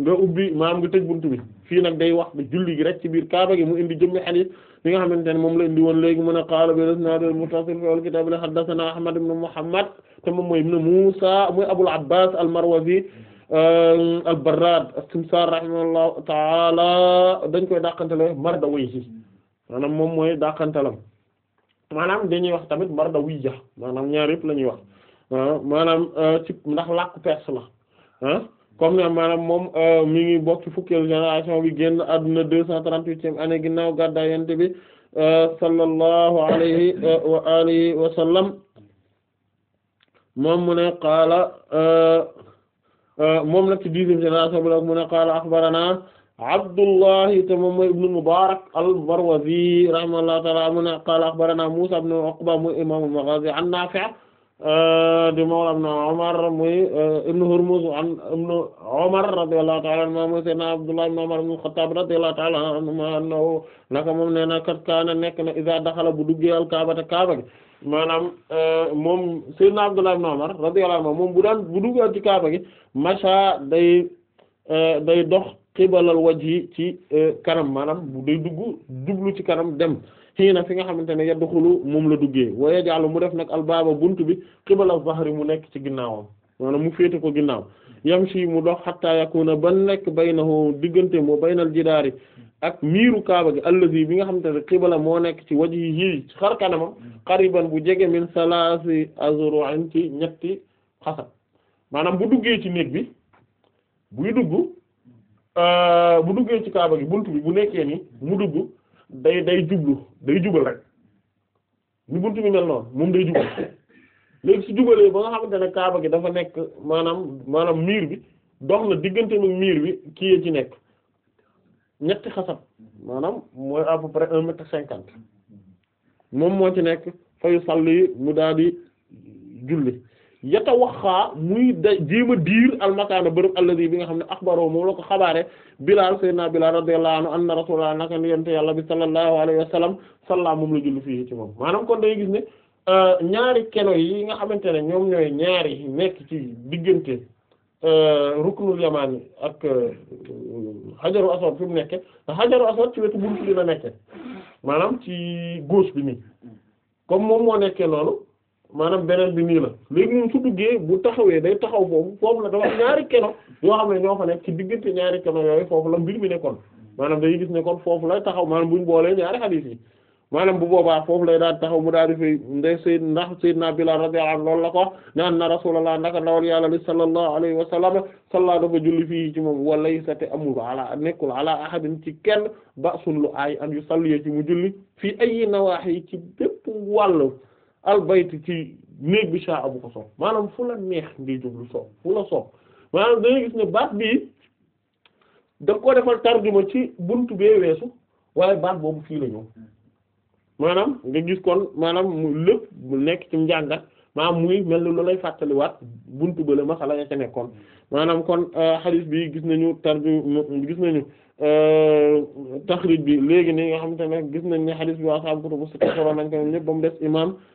nga ubbi maanaam nga tëj buntu bi fii nag day wax julli gi rek ci biir kaaba gi mu indi jëmmi hadith bi nga xamante ne moom la indi woon léegi mën a qaala bil isnaad al muttasil fil kitaab la haddathana Ahmad ibn Muhammad te moom mooy ibn Muusa mooy Abul Abbaas al Marwazi euh, al Barraad as-Simsaar rahimahullahu ta'ala dañ koy dàqantale Mardawayhi maanaam moom mooy dàqantalam maanaam dañuy wax tamit Mardawiyya maanaam ñaar yëpp la ñuy wax ah, maanaam euh, ci ndax làkku perse la ah. comme ne maanaam moom euh, mi ngi bokk ci fukkeelu génération bi génn àdduna deux cent trente-huitième année ginnaaw gàddaay yonent bi euh, sallallahu alayhi euh, wa alihi wa sallam moom mu ne qaala moom ne qaala axbarana Abdullahi te ibnu Mubarak al-Marwazi rahimahullahu ta'ala mu ne qaala axbarana Muusaa ibnu Uqba mu imaamul Maghaazi an Naafi' Euh, di mawla ibn Umar muy euh, ibn Hurmuz an ibn Umar radiyallahu ta'ala anhu muy sayyidina Abdullah ibn Umar ibn Khattab radiyallahu ta'ala anhu naka moom nee na kat kaana nekk na iza daxala bu duggee al-Kaaba te Kaaba gi maanaam euh, moom sayyidina Abdullah ibn Umar radiyallahu anhu moom bu daan bu duggee ci Kaaba gi macha day day dox qibalal wajhi ci kanam maanaam day dugg jublu ci kanam dem. xiina fi nga xamante ne yadduxulu moom la duggee waaye jàll mu def nag albaaba bunt bi xibala bahri mu nekk ci ginnaawam maanaam mu féete ko ginnaaw yamshi mu dox xatta yakuna ba nekk baynahu diggante moo baynal jidaari ak miiru kaaba gi allazi bi nga xamante ne xibala moo nekk ci waji yi ci xar kanamam xariban bu jege min salaasi azru'in ci ñetti xasa maanaam bu duggee ci néeg bi buy dugg euh, bu duggee ci kaaba gi bunt bi bu nekkee ni mu dugg day day jublu day jubal rek ni buntu bi mel noonu moom day jubal léegi su jubalee ba nga xamante ne kaaba gi dafa nekk maanaam maanaam miir bi dox na diggante mu miir bi kii yee ci nekk ñetti xasab maanaam mooy à un mètre cinquante moom moo ci nekk fayu sàll yi mu daal di julli yata waxaa muy da jéem a diir almakaana bërëb alladi bi nga xam ne axbaroo moom la ko xabaare Bilaal sayyidina Bilaal radiyallahu anhu anna rasulullah naka yonent yàlla bi sallallahu alayhi wa sallam salla moom la julli fii ci moom maanaam kon day gis ne euh, ñaari keno yi nga xamante ne ñoom ñooy ñaari nekk ci diggante euh, ruknul yamaani ak xajaru euh, aswad fi mu nekke xajaru aswad ci wetu bunt bi la nekke maanaam ci gauche bi nii comme moom moo nekkee maanaam beneen bi nii la léegi moom su duggee bu taxawee day taxaw foofu foofu la dafa ñaari keno yoo xam ne ñoo fa nekk ci diggante ñaari keno yooyu foofu la mbir mi nekkoon maanaam day gis ne kon foofu lay taxaw bu buñ boolee ñaari xadiis yi maanaam bu boobaa foofu lay daal taxaw mu daal di fay nday sayd ndax sayyidna Bilaal radiyallahu anhu loolu la ko wax ne an na rasulullah ndaka ndawal yàlla li sallallahu alayhi wa sallam salla dafa julli fii ci moom walay sa te amul ala nekkul ala ahadin ci kenn ba lu aay an yu salli ci mu julli fii ayi nawaahi ci bépp wàll albayt ci néeg bi saa abu ko soob maanaam fu la neex ngay jublu soob fu la soob maanaam dañuy gis ne baat bii da ko defal tarjuma ci bunt bee weesu waaye baat boobu fii la maanaam nga gis kon maanaam mu lépp mu nekk ci njàngat maanaam muy mel ni lu lay fàttaliwaat buntu ba la masala ya nekkoon maanaam kon hadith euh, bi gis nañu tarjuma gis nañu euh, taxrij bi léegi ni nga xam ne gis nañ ne hadith bi waa saabu kutubu sitta solo nañ ko ñëpp ba mu des imaam.